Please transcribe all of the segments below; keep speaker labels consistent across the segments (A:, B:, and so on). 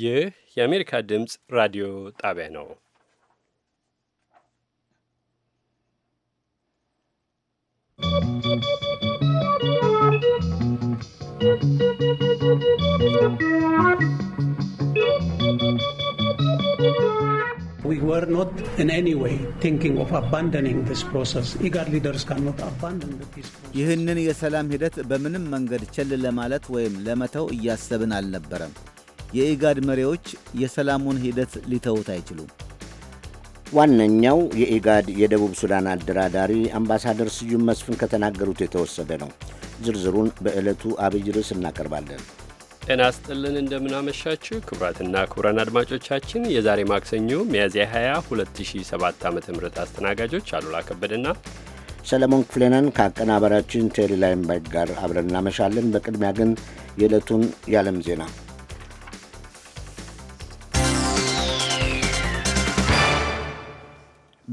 A: ይህ የአሜሪካ ድምፅ ራዲዮ ጣቢያ ነው።
B: We were not in any way thinking of abandoning this process. IGAD leaders cannot abandon the peace process. ይህንን የሰላም ሂደት በምንም መንገድ
C: ቸል ለማለት ወይም ለመተው እያሰብን አልነበረም። የኢጋድ መሪዎች የሰላሙን ሂደት ሊተውት አይችሉም።
D: ዋነኛው የኢጋድ የደቡብ ሱዳን አደራዳሪ አምባሳደር ስዩም መስፍን ከተናገሩት የተወሰደ ነው። ዝርዝሩን በዕለቱ አብይ ርዕስ እናቀርባለን።
A: ጤና ስጥልን እንደምናመሻችሁ ክቡራትና ክቡራን አድማጮቻችን የዛሬ ማክሰኞ ሚያዝያ 20 2007 ዓ ም አስተናጋጆች አሉላ ከበደና
D: ሰለሞን ክፍሌነን ከአቀናባሪያችን ቴሌላይም ጋር አብረን እናመሻለን። በቅድሚያ ግን የዕለቱን የዓለም ዜና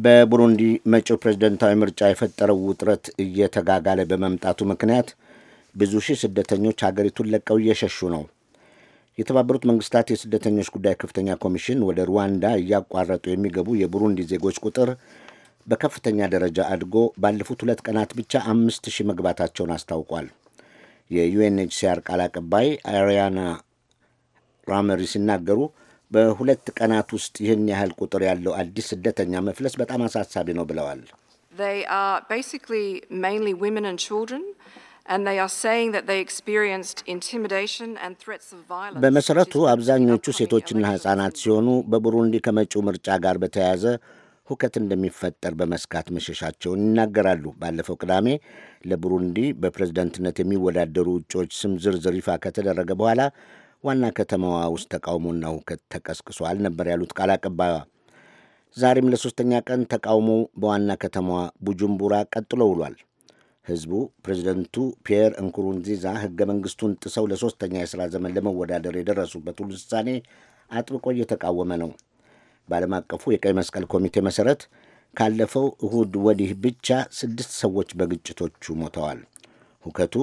D: በቡሩንዲ መጪው ፕሬዝደንታዊ ምርጫ የፈጠረው ውጥረት እየተጋጋለ በመምጣቱ ምክንያት ብዙ ሺህ ስደተኞች ሀገሪቱን ለቀው እየሸሹ ነው። የተባበሩት መንግስታት የስደተኞች ጉዳይ ከፍተኛ ኮሚሽን ወደ ሩዋንዳ እያቋረጡ የሚገቡ የቡሩንዲ ዜጎች ቁጥር በከፍተኛ ደረጃ አድጎ ባለፉት ሁለት ቀናት ብቻ አምስት ሺህ መግባታቸውን አስታውቋል። የዩኤንኤችሲአር ቃል አቀባይ አሪያና ራመሪ ሲናገሩ በሁለት ቀናት ውስጥ ይህን ያህል ቁጥር ያለው አዲስ ስደተኛ መፍለስ በጣም አሳሳቢ ነው ብለዋል። በመሰረቱ አብዛኞቹ ሴቶችና ሕፃናት ሲሆኑ በቡሩንዲ ከመጪው ምርጫ ጋር በተያያዘ ሁከት እንደሚፈጠር በመስጋት መሸሻቸውን ይናገራሉ። ባለፈው ቅዳሜ ለቡሩንዲ በፕሬዝደንትነት የሚወዳደሩ እጩዎች ስም ዝርዝር ይፋ ከተደረገ በኋላ ዋና ከተማዋ ውስጥ ተቃውሞና ሁከት ተቀስቅሷል ነበር ያሉት ቃል አቀባይዋ። ዛሬም ለሶስተኛ ቀን ተቃውሞው በዋና ከተማዋ ቡጁምቡራ ቀጥሎ ውሏል። ህዝቡ ፕሬዚደንቱ ፒየር እንኩሩንዚዛ ህገ መንግስቱን ጥሰው ለሶስተኛ የሥራ ዘመን ለመወዳደር የደረሱበት ሁሉ ውሳኔ አጥብቆ እየተቃወመ ነው። በዓለም አቀፉ የቀይ መስቀል ኮሚቴ መሠረት ካለፈው እሁድ ወዲህ ብቻ ስድስት ሰዎች በግጭቶቹ ሞተዋል። ሁከቱ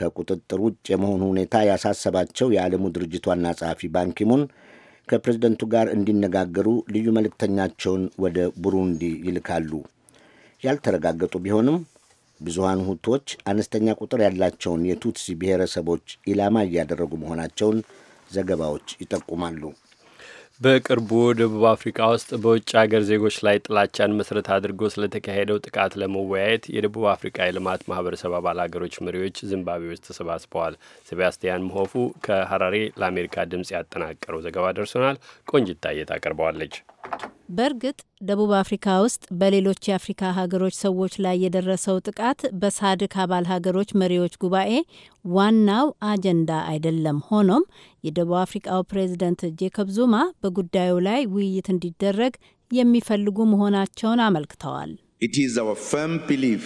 D: ከቁጥጥር ውጭ የመሆኑ ሁኔታ ያሳሰባቸው የዓለሙ ድርጅት ዋና ጸሐፊ ባንኪሙን ከፕሬዝደንቱ ጋር እንዲነጋገሩ ልዩ መልእክተኛቸውን ወደ ቡሩንዲ ይልካሉ። ያልተረጋገጡ ቢሆንም ብዙሀን ሁቶች አነስተኛ ቁጥር ያላቸውን የቱትሲ ብሔረሰቦች ኢላማ እያደረጉ መሆናቸውን ዘገባዎች ይጠቁማሉ።
A: በቅርቡ ደቡብ አፍሪካ ውስጥ በውጭ ሀገር ዜጎች ላይ ጥላቻን መሰረት አድርጎ ስለተካሄደው ጥቃት ለመወያየት የደቡብ አፍሪካ የልማት ማህበረሰብ አባል ሀገሮች መሪዎች ዚምባብዌ ውስጥ ተሰባስበዋል። ሴባስቲያን መሆፉ ከሀራሬ ለአሜሪካ ድምፅ ያጠናቀረው ዘገባ ደርሶናል። ቆንጅት ታየ
E: በእርግጥ ደቡብ አፍሪካ ውስጥ በሌሎች የአፍሪካ ሀገሮች ሰዎች ላይ የደረሰው ጥቃት በሳድክ አባል ሀገሮች መሪዎች ጉባኤ ዋናው አጀንዳ አይደለም። ሆኖም የደቡብ አፍሪካው ፕሬዝደንት ጄኮብ ዙማ በጉዳዩ ላይ ውይይት እንዲደረግ የሚፈልጉ መሆናቸውን አመልክተዋል።
C: ኢት ኢዝ አወር ፈርም ቢሊፍ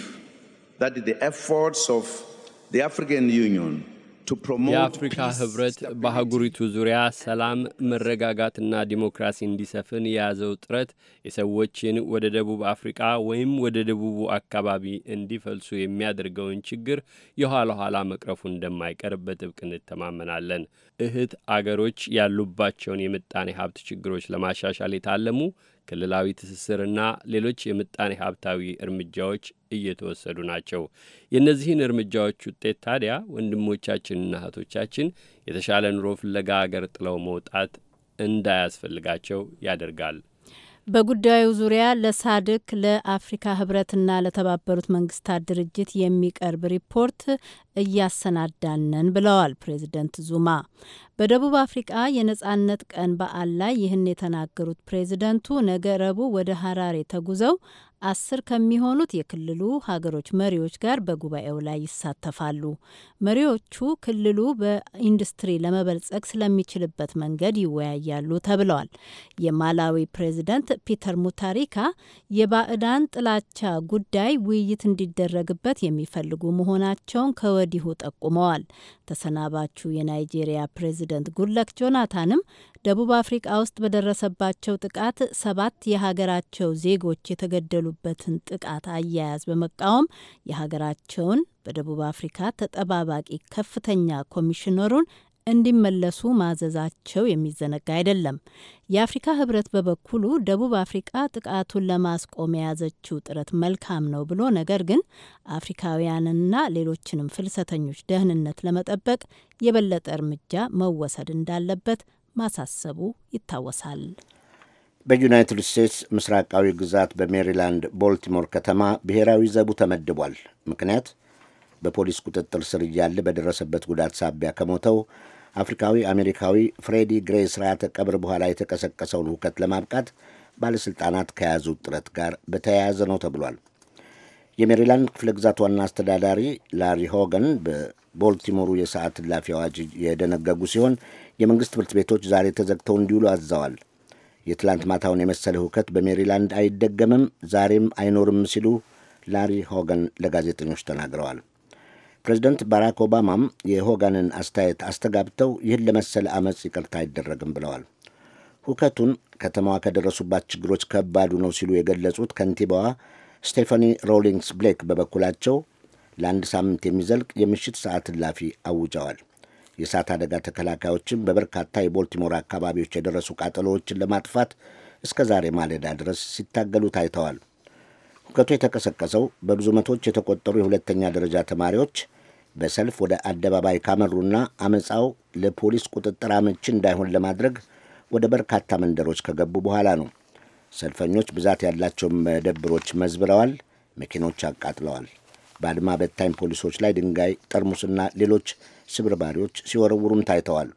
C: ዛት ዘ ኤፎርትስ ኦፍ ዘ አፍሪካን ዩኒየን
D: የአፍሪካ ህብረት
A: በአህጉሪቱ ዙሪያ ሰላም መረጋጋትና ዲሞክራሲ እንዲሰፍን የያዘው ጥረት የሰዎችን ወደ ደቡብ አፍሪቃ ወይም ወደ ደቡቡ አካባቢ እንዲፈልሱ የሚያደርገውን ችግር የኋላ ኋላ መቅረፉ እንደማይቀር በጥብቅ እንተማመናለን። እህት አገሮች ያሉባቸውን የምጣኔ ሀብት ችግሮች ለማሻሻል የታለሙ ክልላዊ ትስስርና ሌሎች የምጣኔ ሀብታዊ እርምጃዎች እየተወሰዱ ናቸው። የእነዚህን እርምጃዎች ውጤት ታዲያ ወንድሞቻችንና እህቶቻችን የተሻለ ኑሮ ፍለጋ አገር ጥለው መውጣት እንዳያስፈልጋቸው ያደርጋል።
E: በጉዳዩ ዙሪያ ለሳድክ ለአፍሪካ ህብረትና ለተባበሩት መንግስታት ድርጅት የሚቀርብ ሪፖርት እያሰናዳነን ብለዋል ፕሬዝደንት ዙማ። በደቡብ አፍሪቃ የነጻነት ቀን በዓል ላይ ይህን የተናገሩት ፕሬዝደንቱ ነገ ረቡዕ ወደ ሀራሬ ተጉዘው አስር ከሚሆኑት የክልሉ ሀገሮች መሪዎች ጋር በጉባኤው ላይ ይሳተፋሉ። መሪዎቹ ክልሉ በኢንዱስትሪ ለመበልጸግ ስለሚችልበት መንገድ ይወያያሉ ተብለዋል። የማላዊ ፕሬዝደንት ፒተር ሙታሪካ የባዕዳን ጥላቻ ጉዳይ ውይይት እንዲደረግበት የሚፈልጉ መሆናቸውን ከወ ወዲሁ ጠቁመዋል። ተሰናባቹ የናይጄሪያ ፕሬዚደንት ጉድለክ ጆናታንም ደቡብ አፍሪቃ ውስጥ በደረሰባቸው ጥቃት ሰባት የሀገራቸው ዜጎች የተገደሉበትን ጥቃት አያያዝ በመቃወም የሀገራቸውን በደቡብ አፍሪካ ተጠባባቂ ከፍተኛ ኮሚሽነሩን እንዲመለሱ ማዘዛቸው የሚዘነጋ አይደለም። የአፍሪካ ህብረት በበኩሉ ደቡብ አፍሪቃ ጥቃቱን ለማስቆም የያዘችው ጥረት መልካም ነው ብሎ ነገር ግን አፍሪካውያንና ሌሎችንም ፍልሰተኞች ደህንነት ለመጠበቅ የበለጠ እርምጃ መወሰድ እንዳለበት ማሳሰቡ ይታወሳል።
D: በዩናይትድ ስቴትስ ምስራቃዊ ግዛት በሜሪላንድ ቦልቲሞር ከተማ ብሔራዊ ዘቡ ተመድቧል። ምክንያት በፖሊስ ቁጥጥር ስር እያለ በደረሰበት ጉዳት ሳቢያ ከሞተው አፍሪካዊ አሜሪካዊ ፍሬዲ ግሬ ስርዓተ ቀብር በኋላ የተቀሰቀሰውን ሁከት ለማብቃት ባለሥልጣናት ከያዙት ጥረት ጋር በተያያዘ ነው ተብሏል። የሜሪላንድ ክፍለ ግዛት ዋና አስተዳዳሪ ላሪ ሆገን በቦልቲሞሩ የሰዓት እላፊ አዋጅ የደነገጉ ሲሆን የመንግሥት ትምህርት ቤቶች ዛሬ ተዘግተው እንዲውሉ አዘዋል። የትላንት ማታውን የመሰለ ሁከት በሜሪላንድ አይደገምም፣ ዛሬም አይኖርም ሲሉ ላሪ ሆገን ለጋዜጠኞች ተናግረዋል። ፕሬዚደንት ባራክ ኦባማም የሆጋንን አስተያየት አስተጋብተው ይህን ለመሰለ አመፅ ይቅርታ አይደረግም ብለዋል። ሁከቱን ከተማዋ ከደረሱባት ችግሮች ከባዱ ነው ሲሉ የገለጹት ከንቲባዋ ስቴፋኒ ሮሊንግስ ብሌክ በበኩላቸው ለአንድ ሳምንት የሚዘልቅ የምሽት ሰዓት እላፊ አውጀዋል። የእሳት አደጋ ተከላካዮችም በበርካታ የቦልቲሞር አካባቢዎች የደረሱ ቃጠሎዎችን ለማጥፋት እስከ ዛሬ ማለዳ ድረስ ሲታገሉ ታይተዋል። ሁከቱ የተቀሰቀሰው በብዙ መቶዎች የተቆጠሩ የሁለተኛ ደረጃ ተማሪዎች በሰልፍ ወደ አደባባይ ካመሩና አመፃው ለፖሊስ ቁጥጥር አመቺ እንዳይሆን ለማድረግ ወደ በርካታ መንደሮች ከገቡ በኋላ ነው። ሰልፈኞች ብዛት ያላቸው መደብሮች መዝብለዋል፣ መኪኖች አቃጥለዋል፣ በአድማ በታኝ ፖሊሶች ላይ ድንጋይ፣ ጠርሙስና ሌሎች ስብርባሪዎች ሲወረውሩም ታይተዋል።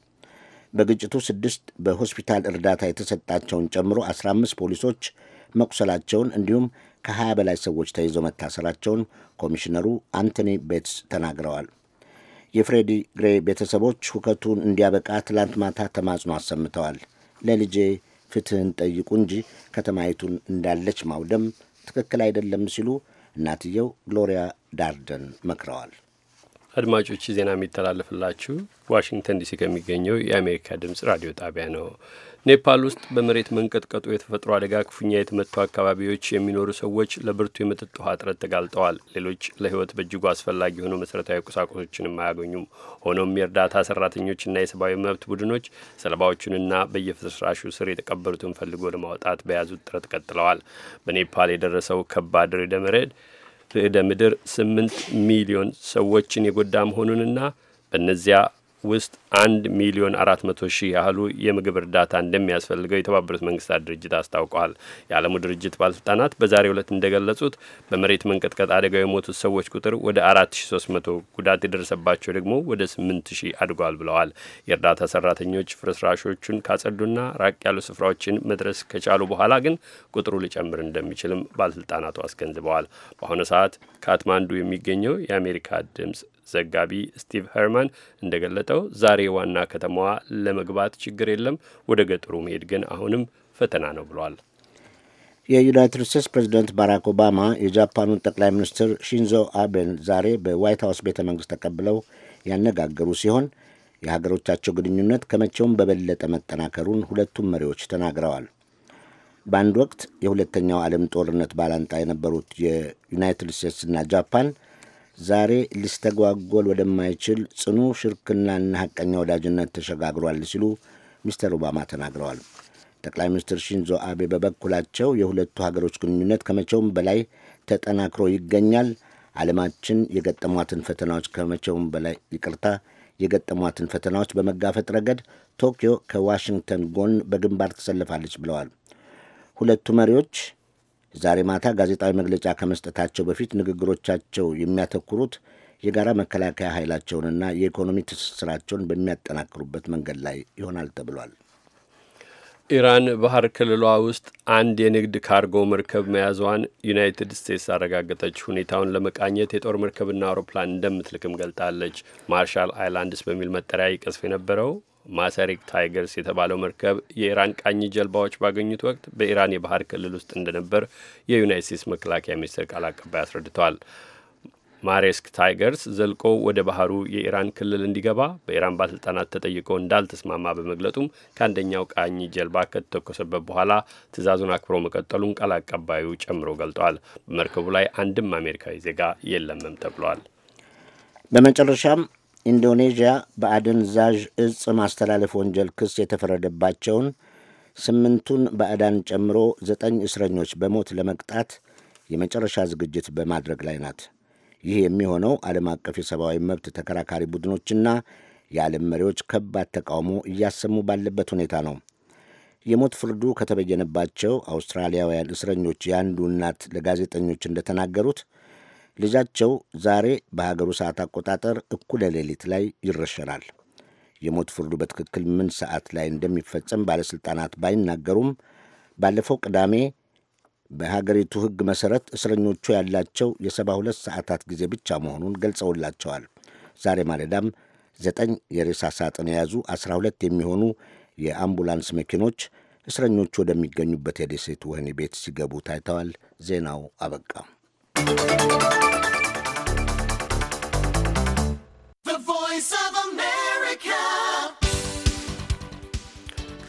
D: በግጭቱ ስድስት በሆስፒታል እርዳታ የተሰጣቸውን ጨምሮ አምስት ፖሊሶች መቁሰላቸውን እንዲሁም ከ20 በላይ ሰዎች ተይዘው መታሰራቸውን ኮሚሽነሩ አንቶኒ ቤትስ ተናግረዋል። የፍሬዲ ግሬ ቤተሰቦች ሁከቱን እንዲያበቃ ትላንት ማታ ተማጽኖ አሰምተዋል። ለልጄ ፍትህን ጠይቁ እንጂ ከተማይቱን እንዳለች ማውደም ትክክል አይደለም ሲሉ እናትየው ግሎሪያ ዳርደን መክረዋል።
A: አድማጮች ዜና የሚተላለፍላችሁ ዋሽንግተን ዲሲ ከሚገኘው የአሜሪካ ድምፅ ራዲዮ ጣቢያ ነው። ኔፓል ውስጥ በመሬት መንቀጥቀጡ የተፈጥሮ አደጋ ክፉኛ የተመቱ አካባቢዎች የሚኖሩ ሰዎች ለብርቱ የመጠጥ ውሃ እጥረት ተጋልጠዋል። ሌሎች ለሕይወት በእጅጉ አስፈላጊ የሆኑ መሠረታዊ ቁሳቁሶችንም አያገኙም። ሆኖም የእርዳታ ሰራተኞችና የሰብአዊ መብት ቡድኖች ሰለባዎቹንና በየፍርስራሹ ስር የተቀበሩትን ፈልጎ ለማውጣት በያዙት ጥረት ቀጥለዋል። በኔፓል የደረሰው ከባድ ርዕደ መሬት ርዕደ ምድር ስምንት ሚሊዮን ሰዎችን የጎዳ መሆኑንና በእነዚያ ውስጥ አንድ ሚሊዮን አራት መቶ ሺህ ያህሉ የምግብ እርዳታ እንደሚያስፈልገው የተባበሩት መንግስታት ድርጅት አስታውቀዋል። የዓለሙ ድርጅት ባለስልጣናት በዛሬው ዕለት እንደገለጹት በመሬት መንቀጥቀጥ አደጋ የሞቱት ሰዎች ቁጥር ወደ አራት ሺ ሶስት መቶ ጉዳት የደረሰባቸው ደግሞ ወደ ስምንት ሺህ አድጓል ብለዋል። የእርዳታ ሰራተኞች ፍርስራሾቹን ካጸዱና ራቅ ያሉ ስፍራዎችን መድረስ ከቻሉ በኋላ ግን ቁጥሩ ሊጨምር እንደሚችልም ባለስልጣናቱ አስገንዝበዋል። በአሁኑ ሰዓት ካትማንዱ የሚገኘው የአሜሪካ ድምጽ ዘጋቢ ስቲቭ ሄርማን እንደገለጠው ዛሬ ዋና ከተማዋ ለመግባት ችግር የለም፣ ወደ ገጠሩ መሄድ ግን አሁንም ፈተና ነው ብሏል።
D: የዩናይትድ ስቴትስ ፕሬዚደንት ባራክ ኦባማ የጃፓኑን ጠቅላይ ሚኒስትር ሺንዞ አቤን ዛሬ በዋይት ሀውስ ቤተ መንግሥት ተቀብለው ያነጋገሩ ሲሆን የሀገሮቻቸው ግንኙነት ከመቼውም በበለጠ መጠናከሩን ሁለቱም መሪዎች ተናግረዋል። በአንድ ወቅት የሁለተኛው ዓለም ጦርነት ባላንጣ የነበሩት የዩናይትድ ስቴትስና ጃፓን ዛሬ ሊስተጓጎል ወደማይችል ጽኑ ሽርክናና ሐቀኛ ወዳጅነት ተሸጋግሯል ሲሉ ሚስተር ኦባማ ተናግረዋል። ጠቅላይ ሚኒስትር ሺንዞ አቤ በበኩላቸው የሁለቱ ሀገሮች ግንኙነት ከመቼውም በላይ ተጠናክሮ ይገኛል። ዓለማችን የገጠሟትን ፈተናዎች ከመቼውም በላይ ይቅርታ የገጠሟትን ፈተናዎች በመጋፈጥ ረገድ ቶኪዮ ከዋሽንግተን ጎን በግንባር ትሰልፋለች ብለዋል። ሁለቱ መሪዎች ዛሬ ማታ ጋዜጣዊ መግለጫ ከመስጠታቸው በፊት ንግግሮቻቸው የሚያተኩሩት የጋራ መከላከያ ኃይላቸውንና የኢኮኖሚ ትስስራቸውን በሚያጠናክሩበት መንገድ ላይ ይሆናል ተብሏል።
A: ኢራን ባህር ክልሏ ውስጥ አንድ የንግድ ካርጎ መርከብ መያዟን ዩናይትድ ስቴትስ አረጋገጠች። ሁኔታውን ለመቃኘት የጦር መርከብና አውሮፕላን እንደምትልክም ገልጣለች። ማርሻል አይላንድስ በሚል መጠሪያ ይቀስፍ የነበረው ማሰሪክ ታይገርስ የተባለው መርከብ የኢራን ቃኝ ጀልባዎች ባገኙት ወቅት በኢራን የባህር ክልል ውስጥ እንደነበር የዩናይት ስቴትስ መከላከያ ሚኒስቴር ቃል አቀባይ አስረድተዋል። ማሬስክ ታይገርስ ዘልቆ ወደ ባህሩ የኢራን ክልል እንዲገባ በኢራን ባለስልጣናት ተጠይቆ እንዳልተስማማ በመግለጡም ከአንደኛው ቃኝ ጀልባ ከተተኮሰበት በኋላ ትዕዛዙን አክብሮ መቀጠሉን ቃል አቀባዩ ጨምሮ ገልጠዋል። በመርከቡ ላይ አንድም አሜሪካዊ ዜጋ የለምም ተብሏል።
D: በመጨረሻም ኢንዶኔዥያ በአደንዛዥ እጽ ማስተላለፍ ወንጀል ክስ የተፈረደባቸውን ስምንቱን ባዕዳን ጨምሮ ዘጠኝ እስረኞች በሞት ለመቅጣት የመጨረሻ ዝግጅት በማድረግ ላይ ናት። ይህ የሚሆነው ዓለም አቀፍ የሰብአዊ መብት ተከራካሪ ቡድኖችና የዓለም መሪዎች ከባድ ተቃውሞ እያሰሙ ባለበት ሁኔታ ነው። የሞት ፍርዱ ከተበየነባቸው አውስትራሊያውያን እስረኞች የአንዱ እናት ለጋዜጠኞች እንደተናገሩት ልጃቸው ዛሬ በሀገሩ ሰዓት አቆጣጠር እኩለ ሌሊት ላይ ይረሸናል። የሞት ፍርዱ በትክክል ምን ሰዓት ላይ እንደሚፈጸም ባለሥልጣናት ባይናገሩም ባለፈው ቅዳሜ በሀገሪቱ ሕግ መሠረት እስረኞቹ ያላቸው የሰባ ሁለት ሰዓታት ጊዜ ብቻ መሆኑን ገልጸውላቸዋል። ዛሬ ማለዳም ዘጠኝ የሬሳ ሳጥን የያዙ ሁለት የሚሆኑ የአምቡላንስ መኪኖች እስረኞቹ ወደሚገኙበት የደሴት ወህኒ ቤት ሲገቡ ታይተዋል። ዜናው አበቃ።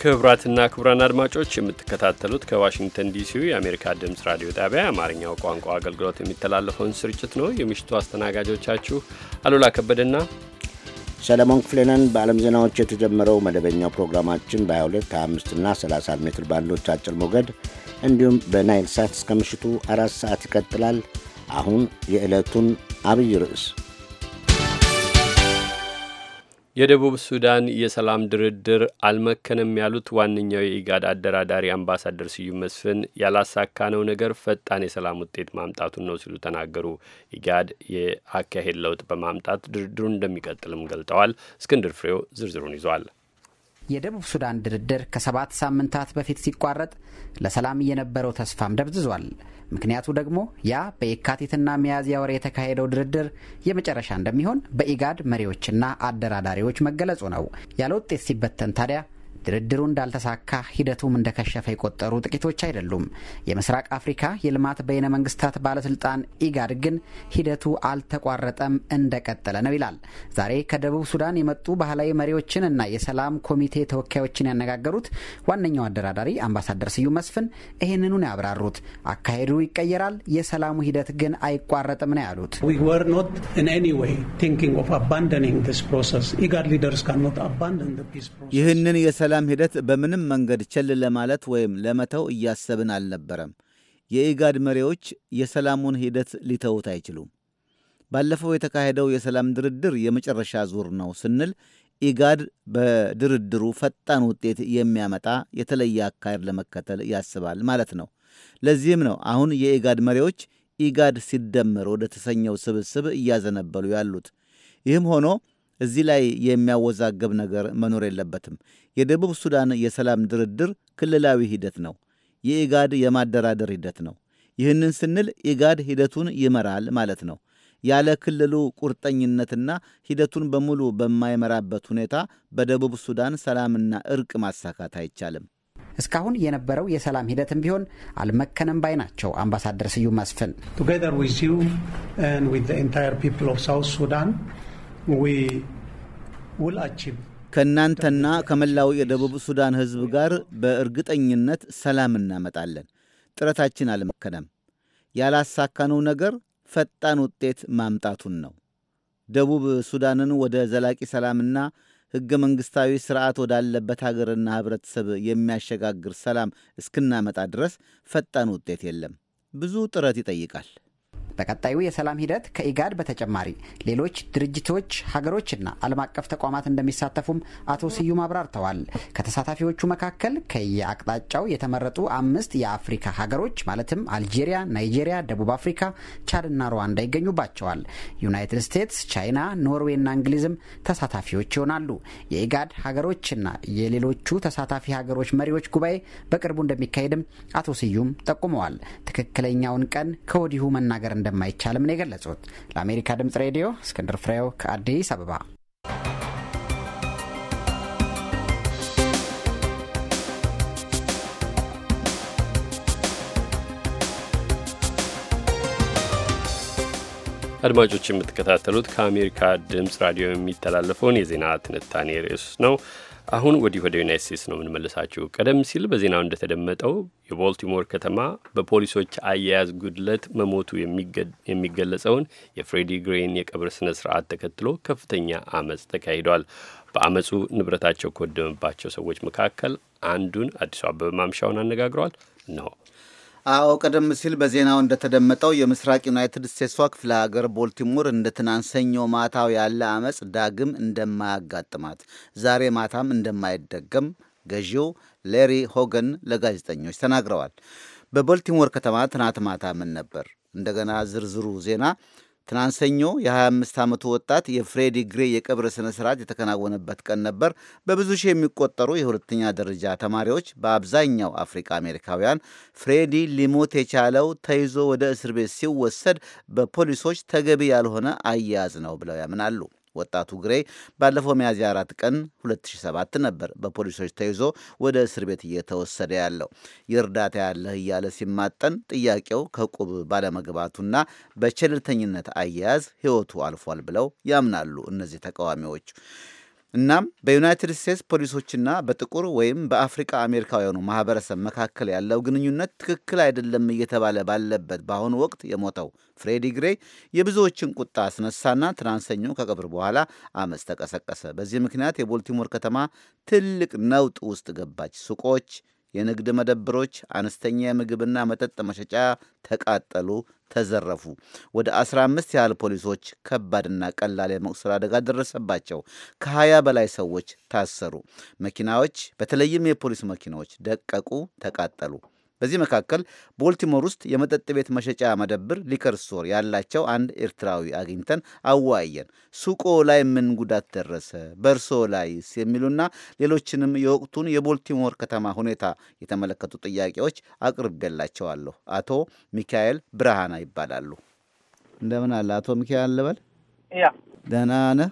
A: ክቡራትና ክቡራን አድማጮች የምትከታተሉት ከዋሽንግተን ዲሲው የአሜሪካ ድምፅ ራዲዮ ጣቢያ የአማርኛው ቋንቋ አገልግሎት የሚተላለፈውን ስርጭት ነው። የምሽቱ አስተናጋጆቻችሁ አሉላ ከበደና
D: ሰለሞን ክፍሌነን። በዓለም ዜናዎች የተጀመረው መደበኛው ፕሮግራማችን በ22፣ 25 እና 30 ሜትር ባንዶች አጭር ሞገድ እንዲሁም በናይል ሳት እስከ ምሽቱ አራት ሰዓት ይቀጥላል። አሁን የዕለቱን አብይ ርዕስ
A: የደቡብ ሱዳን የሰላም ድርድር አልመከነም ያሉት ዋነኛው የኢጋድ አደራዳሪ አምባሳደር ስዩም መስፍን ያላሳካነው ነገር ፈጣን የሰላም ውጤት ማምጣቱን ነው ሲሉ ተናገሩ። ኢጋድ የአካሄድ ለውጥ በማምጣት ድርድሩን እንደሚቀጥልም ገልጠዋል። እስክንድር ፍሬው ዝርዝሩን ይዟል።
F: የደቡብ ሱዳን ድርድር ከሰባት ሳምንታት በፊት ሲቋረጥ ለሰላም የነበረው ተስፋም ደብዝዟል። ምክንያቱ ደግሞ ያ በየካቲትና ሚያዝያ ወር የተካሄደው ድርድር የመጨረሻ እንደሚሆን በኢጋድ መሪዎችና አደራዳሪዎች መገለጹ ነው። ያለ ውጤት ሲበተን ታዲያ ድርድሩ እንዳልተሳካ ሂደቱም እንደከሸፈ የቆጠሩ ጥቂቶች አይደሉም። የምስራቅ አፍሪካ የልማት በይነ መንግስታት ባለስልጣን ኢጋድ ግን ሂደቱ አልተቋረጠም፣ እንደቀጠለ ነው ይላል። ዛሬ ከደቡብ ሱዳን የመጡ ባህላዊ መሪዎችን እና የሰላም ኮሚቴ ተወካዮችን ያነጋገሩት ዋነኛው አደራዳሪ አምባሳደር ስዩም መስፍን ይህንኑን ያብራሩት አካሄዱ ይቀየራል፣ የሰላሙ ሂደት ግን አይቋረጥም ነው ያሉት።
C: ይህንን የሰላም በሰላም ሂደት በምንም መንገድ ቸል ለማለት ወይም ለመተው እያሰብን አልነበረም። የኢጋድ መሪዎች የሰላሙን ሂደት ሊተውት አይችሉም። ባለፈው የተካሄደው የሰላም ድርድር የመጨረሻ ዙር ነው ስንል ኢጋድ በድርድሩ ፈጣን ውጤት የሚያመጣ የተለየ አካሄድ ለመከተል ያስባል ማለት ነው። ለዚህም ነው አሁን የኢጋድ መሪዎች ኢጋድ ሲደመር ወደ ተሰኘው ስብስብ እያዘነበሉ ያሉት። ይህም ሆኖ እዚህ ላይ የሚያወዛግብ ነገር መኖር የለበትም። የደቡብ ሱዳን የሰላም ድርድር ክልላዊ ሂደት ነው። የኢጋድ የማደራደር ሂደት ነው። ይህንን ስንል ኢጋድ ሂደቱን ይመራል ማለት ነው። ያለ ክልሉ ቁርጠኝነትና ሂደቱን በሙሉ በማይመራበት
F: ሁኔታ በደቡብ ሱዳን ሰላምና እርቅ ማሳካት አይቻልም። እስካሁን የነበረው የሰላም ሂደትም ቢሆን አልመከነም ባይ ናቸው አምባሳደር ስዩም መስፍን
C: ከእናንተና ከመላው የደቡብ ሱዳን ሕዝብ ጋር በእርግጠኝነት ሰላም እናመጣለን። ጥረታችን አልመከነም። ያላሳካነው ነገር ፈጣን ውጤት ማምጣቱን ነው። ደቡብ ሱዳንን ወደ ዘላቂ ሰላምና ሕገ መንግሥታዊ ስርዓት ወዳለበት ሀገርና ኅብረተሰብ የሚያሸጋግር ሰላም
F: እስክናመጣ ድረስ ፈጣን ውጤት የለም። ብዙ ጥረት ይጠይቃል። በቀጣዩ የሰላም ሂደት ከኢጋድ በተጨማሪ ሌሎች ድርጅቶች፣ ሀገሮችና ዓለም አቀፍ ተቋማት እንደሚሳተፉም አቶ ስዩም አብራርተዋል። ከተሳታፊዎቹ መካከል ከየአቅጣጫው የተመረጡ አምስት የአፍሪካ ሀገሮች ማለትም አልጄሪያ፣ ናይጄሪያ፣ ደቡብ አፍሪካ፣ ቻድና ሩዋንዳ ይገኙባቸዋል። ዩናይትድ ስቴትስ፣ ቻይና፣ ኖርዌይና እንግሊዝም ተሳታፊዎች ይሆናሉ። የኢጋድ ሀገሮችና የሌሎቹ ተሳታፊ ሀገሮች መሪዎች ጉባኤ በቅርቡ እንደሚካሄድም አቶ ስዩም ጠቁመዋል። ትክክለኛውን ቀን ከወዲሁ መናገር እንደ እንደማይቻልም ነው የገለጹት። ለአሜሪካ ድምጽ ሬዲዮ እስክንድር ፍሬው ከአዲስ አበባ።
A: አድማጮች የምትከታተሉት ከአሜሪካ ድምፅ ራዲዮ የሚተላለፈውን የዜና ትንታኔ ርዕስ ነው። አሁን ወዲህ ወደ ዩናይት ስቴትስ ነው የምንመልሳችሁ። ቀደም ሲል በዜናው እንደተደመጠው የቦልቲሞር ከተማ በፖሊሶች አያያዝ ጉድለት መሞቱ የሚገለጸውን የፍሬዲ ግሬን የቀብር ስነ ስርዓት ተከትሎ ከፍተኛ አመፅ ተካሂዷል። በአመፁ ንብረታቸው ከወደመባቸው ሰዎች መካከል አንዱን አዲሱ አበበ ማምሻውን አነጋግረዋል ነው
C: አዎ ቀደም ሲል በዜናው እንደተደመጠው የምስራቅ ዩናይትድ ስቴትሷ ክፍለ ሀገር ቦልቲሞር እንደ ትናንት ሰኞ ማታው ያለ አመፅ ዳግም እንደማያጋጥማት ዛሬ ማታም እንደማይደገም ገዢው ሌሪ ሆገን ለጋዜጠኞች ተናግረዋል። በቦልቲሞር ከተማ ትናንት ማታ ምን ነበር? እንደገና ዝርዝሩ ዜና ትናንት ሰኞ የ25 ዓመቱ ወጣት የፍሬዲ ግሬ የቀብር ስነ ስርዓት የተከናወነበት ቀን ነበር። በብዙ ሺህ የሚቆጠሩ የሁለተኛ ደረጃ ተማሪዎች፣ በአብዛኛው አፍሪካ አሜሪካውያን፣ ፍሬዲ ሊሞት የቻለው ተይዞ ወደ እስር ቤት ሲወሰድ በፖሊሶች ተገቢ ያልሆነ አያያዝ ነው ብለው ያምናሉ። ወጣቱ ግሬ ባለፈው ሚያዝያ 4 ቀን 2007 ነበር በፖሊሶች ተይዞ ወደ እስር ቤት እየተወሰደ ያለው። ይርዳታ ያለህ እያለ ሲማጠን ጥያቄው ከቁብ ባለመግባቱና በቸልተኝነት አያያዝ ሕይወቱ አልፏል ብለው ያምናሉ እነዚህ ተቃዋሚዎች። እናም በዩናይትድ ስቴትስ ፖሊሶችና በጥቁር ወይም በአፍሪካ አሜሪካውያኑ ማህበረሰብ መካከል ያለው ግንኙነት ትክክል አይደለም እየተባለ ባለበት በአሁኑ ወቅት የሞተው ፍሬዲ ግሬይ የብዙዎችን ቁጣ አስነሳና ትናንት ሰኞ ከቀብር በኋላ አመፅ ተቀሰቀሰ። በዚህ ምክንያት የቦልቲሞር ከተማ ትልቅ ነውጥ ውስጥ ገባች። ሱቆች የንግድ መደብሮች፣ አነስተኛ የምግብና መጠጥ መሸጫ ተቃጠሉ፣ ተዘረፉ። ወደ 15 ያህል ፖሊሶች ከባድና ቀላል የመቁሰል አደጋ ደረሰባቸው። ከ20 በላይ ሰዎች ታሰሩ። መኪናዎች፣ በተለይም የፖሊስ መኪናዎች ደቀቁ፣ ተቃጠሉ። በዚህ መካከል ቦልቲሞር ውስጥ የመጠጥ ቤት መሸጫ መደብር ሊከር ስቶር ያላቸው አንድ ኤርትራዊ አግኝተን አዋየን። ሱቆ ላይ ምን ጉዳት ደረሰ? በእርሶ ላይስ? የሚሉና ሌሎችንም የወቅቱን የቦልቲሞር ከተማ ሁኔታ የተመለከቱ ጥያቄዎች አቅርቤላቸዋለሁ። አቶ ሚካኤል ብርሃና ይባላሉ። እንደምን አለ አቶ ሚካኤል ልበል? ያ ደህና ነህ?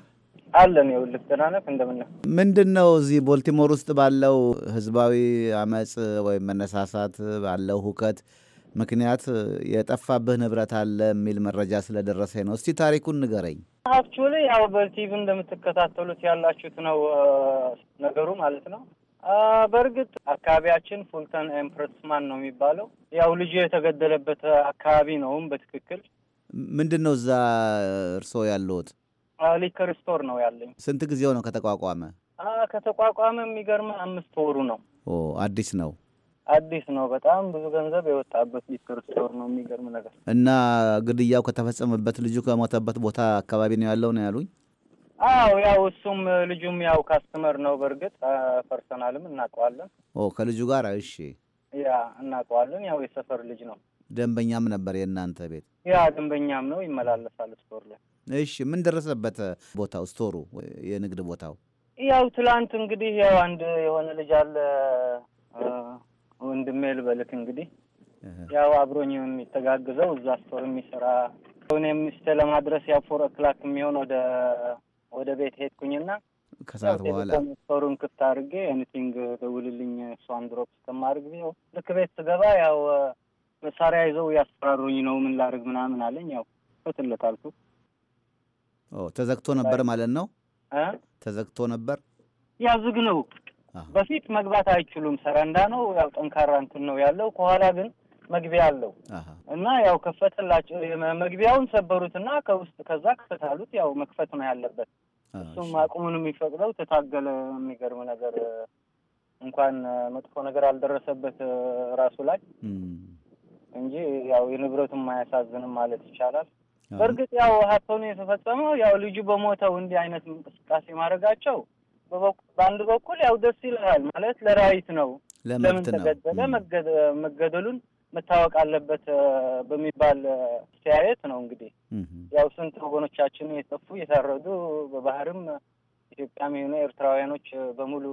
G: አለን። ይኸውልህ ደህና እንደምን
C: ምንድን ነው እዚህ ቦልቲሞር ውስጥ ባለው ህዝባዊ አመፅ ወይም መነሳሳት ባለው ሁከት ምክንያት የጠፋብህ ንብረት አለ የሚል መረጃ ስለደረሰ ነው። እስቲ ታሪኩን ንገረኝ።
G: አክቹዋሊ ያው በቲቪ እንደምትከታተሉት ያላችሁት ነው ነገሩ ማለት ነው። በእርግጥ አካባቢያችን ፉልተን ኤምፕረስማን ነው የሚባለው ያው ልጁ የተገደለበት አካባቢ ነውም በትክክል
C: ምንድን ነው እዛ እርስዎ ያለሁት
G: ሊከር ስቶር ነው ያለኝ።
C: ስንት ጊዜው ነው ከተቋቋመ?
G: ከተቋቋመ የሚገርም አምስት ወሩ ነው። አዲስ ነው አዲስ ነው። በጣም ብዙ ገንዘብ የወጣበት ሊከር ስቶር ነው። የሚገርም ነገር
C: እና ግድያው ከተፈጸመበት ልጁ ከሞተበት ቦታ አካባቢ ነው ያለው ነው ያሉኝ።
G: አዎ ያው እሱም ልጁም ያው ካስተመር ነው። በእርግጥ ፐርሰናልም እናውቀዋለን።
C: ከልጁ ጋር እሺ፣
G: ያ እናውቀዋለን። ያው የሰፈር ልጅ ነው።
C: ደንበኛም ነበር የእናንተ ቤት?
G: ያ ደንበኛም ነው፣ ይመላለሳል
H: ስቶር ላይ
C: እሺ፣ ምን ደረሰበት? ቦታው ስቶሩ፣ የንግድ ቦታው
G: ያው ትላንት እንግዲህ ያው አንድ የሆነ ልጅ አለ ወንድሜ ልበልክ እንግዲህ ያው አብሮኝ የሚተጋግዘው እዛ ስቶር የሚሰራ ሆነ ሚስቴ ለማድረስ ያው ፎር ክላክ የሚሆን ወደ ወደ ቤት ሄድኩኝና
C: ከሰዓት በኋላ
G: ስቶሩን ክፍት አድርጌ ኤኒቲንግ ደውልልኝ እሷን ድሮፕ እስከማድረግ ያው ልክ ቤት ስገባ ያው መሳሪያ ይዘው እያስፈራሩኝ ነው ምን ላድርግ ምናምን አለኝ። ያው ፈትለት አልኩት።
C: ተዘግቶ ነበር ማለት ነው። ተዘግቶ ነበር።
G: ያ ዝግ ነው። በፊት መግባት አይችሉም። ሰረንዳ ነው። ያው ጠንካራ እንትን ነው ያለው። ከኋላ ግን መግቢያ አለው እና ያው ከፈተላቸው። መግቢያውን ሰበሩትና ከውስጥ ከዛ ከፈታሉት። ያው መክፈት ነው ያለበት። እሱም አቁሙን የሚፈቅደው ተታገለ። የሚገርም ነገር እንኳን መጥፎ ነገር አልደረሰበት ራሱ ላይ እንጂ ያው የንብረቱን ማያሳዝንም ማለት ይቻላል። በእርግጥ ያው ሀተኑ የተፈጸመው ያው ልጁ በሞተው እንዲህ አይነት እንቅስቃሴ ማድረጋቸው በአንድ በኩል ያው ደስ ይልሃል ማለት ለራይት ነው፣
I: ለምን ተገደለ
G: መገደሉን መታወቅ አለበት በሚባል አስተያየት ነው። እንግዲህ ያው ስንት ወገኖቻችን የጠፉ የታረዱ በባህርም ኢትዮጵያም የሆነ ኤርትራውያኖች በሙሉ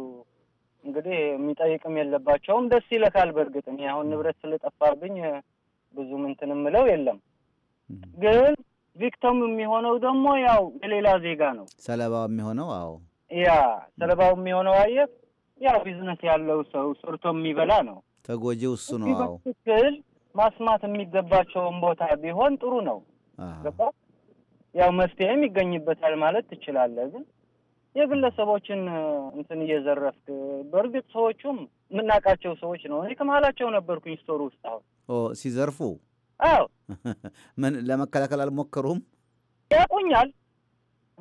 G: እንግዲህ የሚጠይቅም የለባቸውም። ደስ ይለካል በእርግጥ አሁን ንብረት ስለጠፋብኝ ብዙ እንትን የለም ግን ቪክቶም የሚሆነው ደግሞ ያው የሌላ ዜጋ ነው
C: ሰለባው የሚሆነው። አዎ
G: ያ ሰለባው የሚሆነው አየህ፣ ያው ቢዝነስ ያለው ሰው ሰርቶ የሚበላ ነው።
C: ተጎጂው እሱ ነው። አዎ
G: ትክክል። ማስማት የሚገባቸውን ቦታ ቢሆን ጥሩ ነው። ያው መፍትሄም ይገኝበታል ማለት ትችላለህ። ግን የግለሰቦችን እንትን እየዘረፍክ በእርግጥ ሰዎቹም የምናውቃቸው ሰዎች ነው። እኔ ከመሀላቸው ነበርኩኝ ስቶር ውስጥ አሁን ሲዘርፉ አዎ።
C: ምን ለመከላከል አልሞከሩም?
G: ያቁኛል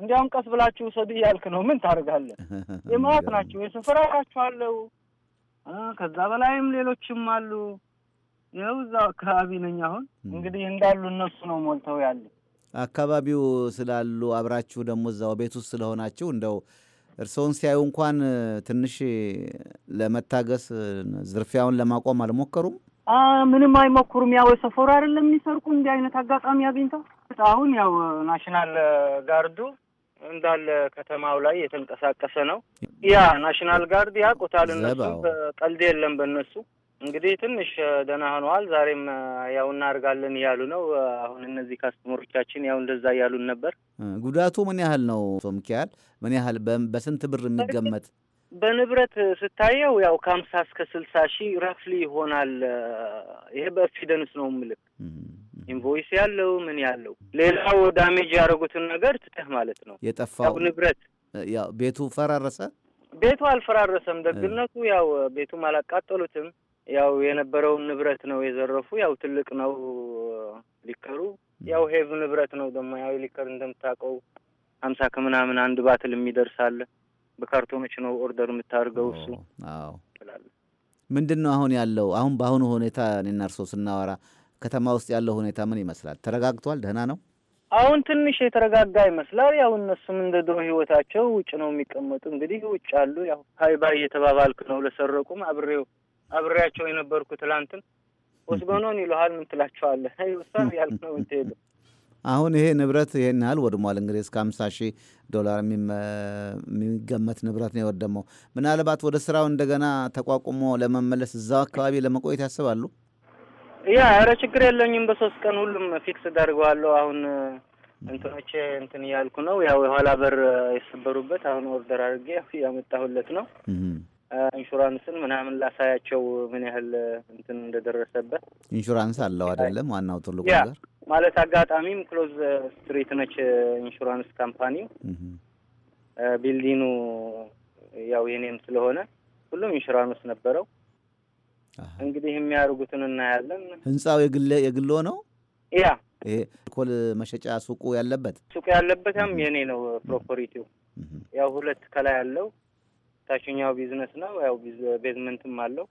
G: እንዲያውም ቀስ ብላችሁ ውሰዱ እያልክ ነው። ምን ታደርጋለህ?
C: የማት ናቸው
G: የስፍራ እላችኋለሁ። ከዛ በላይም ሌሎችም አሉ። ይኸው እዛው አካባቢ ነኝ። አሁን እንግዲህ እንዳሉ እነሱ ነው ሞልተው ያለ
C: አካባቢው ስላሉ አብራችሁ ደግሞ እዛው ቤት ውስጥ ስለሆናችሁ እንደው እርስዎን ሲያዩ እንኳን ትንሽ ለመታገስ ዝርፊያውን ለማቆም
G: አልሞከሩም? ምንም አይሞክሩም። ያው የሰፈሩ አይደለም የሚሰርቁ እንዲህ አይነት አጋጣሚ አግኝተው አሁን ያው ናሽናል ጋርዱ እንዳለ ከተማው ላይ የተንቀሳቀሰ ነው። ያ ናሽናል ጋርድ ቆታል እነሱ። ቀልድ የለም በእነሱ እንግዲህ ትንሽ ደህና ሆነዋል። ዛሬም ያው እናደርጋለን እያሉ ነው። አሁን እነዚህ ካስተመሮቻችን ያው እንደዛ እያሉን ነበር።
C: ጉዳቱ ምን ያህል ነው? ሶምኪያል ምን ያህል በስንት ብር የሚገመት
G: በንብረት ስታየው ያው ከሀምሳ እስከ ስልሳ ሺህ ረፍሊ ይሆናል። ይሄ በፊደንስ ነው ምልክ ኢንቮይስ ያለው ምን ያለው ሌላው ዳሜጅ ያደረጉትን ነገር ትተህ ማለት ነው።
C: የጠፋው ንብረት ያው ቤቱ
D: ፈራረሰ።
G: ቤቱ አልፈራረሰም። ደግነቱ ያው ቤቱም አላቃጠሉትም። ያው የነበረውን ንብረት ነው የዘረፉ። ያው ትልቅ ነው ሊከሩ። ያው ሄቭ ንብረት ነው ደግሞ ያው ሊከር እንደምታውቀው ሀምሳ ከምናምን አንድ ባትል የሚደርሳለ በካርቶኖች ነው ኦርደር የምታደርገው እሱ።
C: አዎ ምንድን ነው አሁን ያለው አሁን በአሁኑ ሁኔታ እኔና እርስዎ ስናወራ ከተማ ውስጥ ያለው ሁኔታ ምን ይመስላል? ተረጋግቷል? ደህና ነው?
G: አሁን ትንሽ የተረጋጋ ይመስላል። ያው እነሱም እንደ ድሮ ህይወታቸው ውጭ ነው የሚቀመጡ። እንግዲህ ውጭ አሉ። ያው ሀይ ባይ እየተባባልክ ነው። ለሰረቁም አብሬው አብሬያቸው የነበርኩ ትላንትም ወስጎኖን ይለሃል። ምን ትላቸዋለህ? ውሳ ያልክ ነው ምትሄደው
C: አሁን ይሄ ንብረት ይሄን ያህል ወድሟል። እንግዲህ እስከ 50 ሺህ ዶላር የሚገመት ንብረት ነው የወደመው። ምናልባት ወደ ስራው እንደገና ተቋቁሞ ለመመለስ እዛው አካባቢ ለመቆየት ያስባሉ።
G: ያ ኧረ ችግር የለኝም። በሶስት ቀን ሁሉም ፊክስ አደርገዋለሁ። አሁን እንትኖቼ እንትን እያልኩ ነው። ያው የኋላ በር የሰበሩበት አሁን ኦርደር አድርጌ ያመጣሁለት ነው ኢንሹራንስን ምናምን ላሳያቸው ምን ያህል እንትን እንደደረሰበት።
C: ኢንሹራንስ አለው አይደለም? ዋናው ትልቁ
G: ነገር ማለት አጋጣሚም ክሎዝ ስትሪት ነች ኢንሹራንስ ካምፓኒ ቢልዲኑ ያው የኔም ስለሆነ ሁሉም ኢንሹራንስ ነበረው። እንግዲህ የሚያደርጉትን እናያለን።
C: ህንፃው የግሎ ነው። ያ ኮል መሸጫ ሱቁ ያለበት
G: ሱቁ ያለበት ያም የኔ ነው ፕሮፐሪቲው ያው ሁለት ከላይ ያለው ታችኛው ቢዝነስ ነው። ያው ቤዝመንትም አለው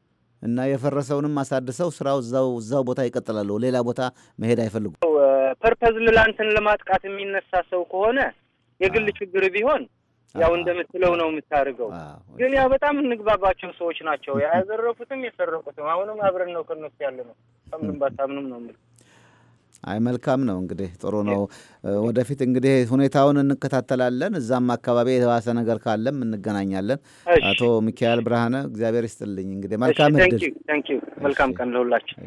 C: እና የፈረሰውንም አሳድሰው ስራው እዛው እዛው ቦታ ይቀጥላሉ። ሌላ ቦታ መሄድ አይፈልጉ።
G: ፐርፐዝ ልላንትን ለማጥቃት የሚነሳ ሰው ከሆነ የግል ችግር ቢሆን ያው እንደምትለው ነው የምታደርገው። ግን ያው በጣም እንግባባቸው ሰዎች ናቸው። ያዘረፉትም የሰረቁትም አሁንም አብረን ነው ከነሱ ያለ ነው። ምንም ባታምንም ነው የምልህ
C: አይ መልካም ነው እንግዲህ ጥሩ ነው። ወደፊት እንግዲህ ሁኔታውን እንከታተላለን። እዛም አካባቢ የተባሰ ነገር ካለም እንገናኛለን። አቶ ሚካኤል ብርሃነ እግዚአብሔር ይስጥልኝ። እንግዲህ መልካም እድል።
G: መልካም ቀን ለሁላችሁ።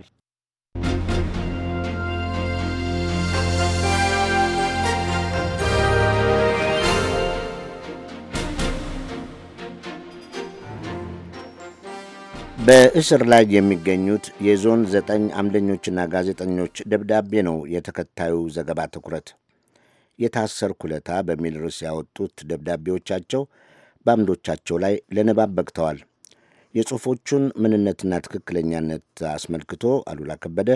D: በእስር ላይ የሚገኙት የዞን ዘጠኝ አምደኞችና ጋዜጠኞች ደብዳቤ ነው የተከታዩ ዘገባ ትኩረት። የታሰርኩ ኩለታ በሚል ርዕስ ያወጡት ደብዳቤዎቻቸው በአምዶቻቸው ላይ ለንባብ በቅተዋል። የጽሑፎቹን ምንነትና ትክክለኛነት አስመልክቶ አሉላ ከበደ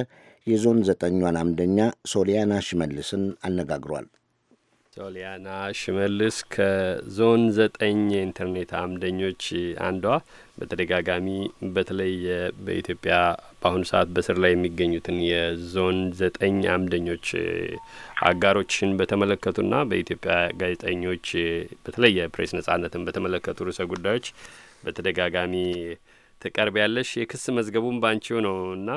D: የዞን ዘጠኟን አምደኛ ሶሊያና ሽመልስን አነጋግሯል።
A: ሶሊያና ሽመልስ ከዞን ዘጠኝ የኢንተርኔት አምደኞች አንዷ በተደጋጋሚ በተለይ በኢትዮጵያ በአሁኑ ሰዓት በስር ላይ የሚገኙትን የዞን ዘጠኝ አምደኞች አጋሮችን በተመለከቱና በኢትዮጵያ ጋዜጠኞች በተለይ የፕሬስ ነጻነትን በተመለከቱ ርዕሰ ጉዳዮች በተደጋጋሚ ትቀርብ ያለሽ የክስ መዝገቡን ባንቺው ነው እና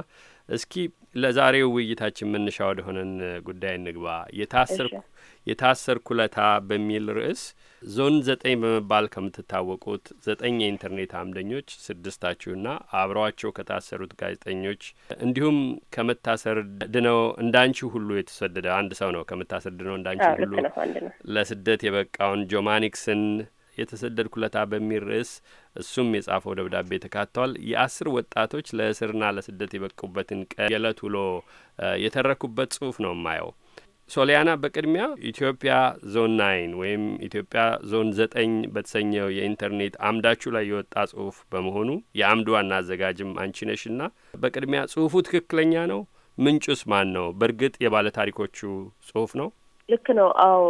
A: እስኪ ለዛሬው ውይይታችን መነሻ ወደሆነን ጉዳይ እንግባ የታሰርኩ የታሰር ኩለታ በሚል ርዕስ ዞን ዘጠኝ በመባል ከምትታወቁት ዘጠኝ የኢንተርኔት አምደኞች ስድስታችሁና አብረዋቸው ከታሰሩት ጋዜጠኞች እንዲሁም ከመታሰር ድነው እንዳንቺ ሁሉ የተሰደደ አንድ ሰው ነው። ከመታሰር ድነው እንዳንቺ ሁሉ ለስደት የበቃውን ጆማኒክስን የተሰደድ ኩለታ በሚል ርዕስ እሱም የጻፈው ደብዳቤ ተካቷል። የአስር ወጣቶች ለእስርና ለስደት የበቁበትን ቀን የዕለት ውሎ የተረኩበት ጽሁፍ ነው የማየው። ሶሊያና በቅድሚያ ኢትዮጵያ ዞን ናይን ወይም ኢትዮጵያ ዞን ዘጠኝ በተሰኘው የኢንተርኔት አምዳችሁ ላይ የወጣ ጽሁፍ በመሆኑ የአምዱ ዋና አዘጋጅም አንቺ ነሽና በቅድሚያ ጽሁፉ ትክክለኛ ነው? ምንጩስ ማን ነው? በእርግጥ የባለታሪኮቹ ጽሁፍ
J: ነው? ልክ ነው። አዎ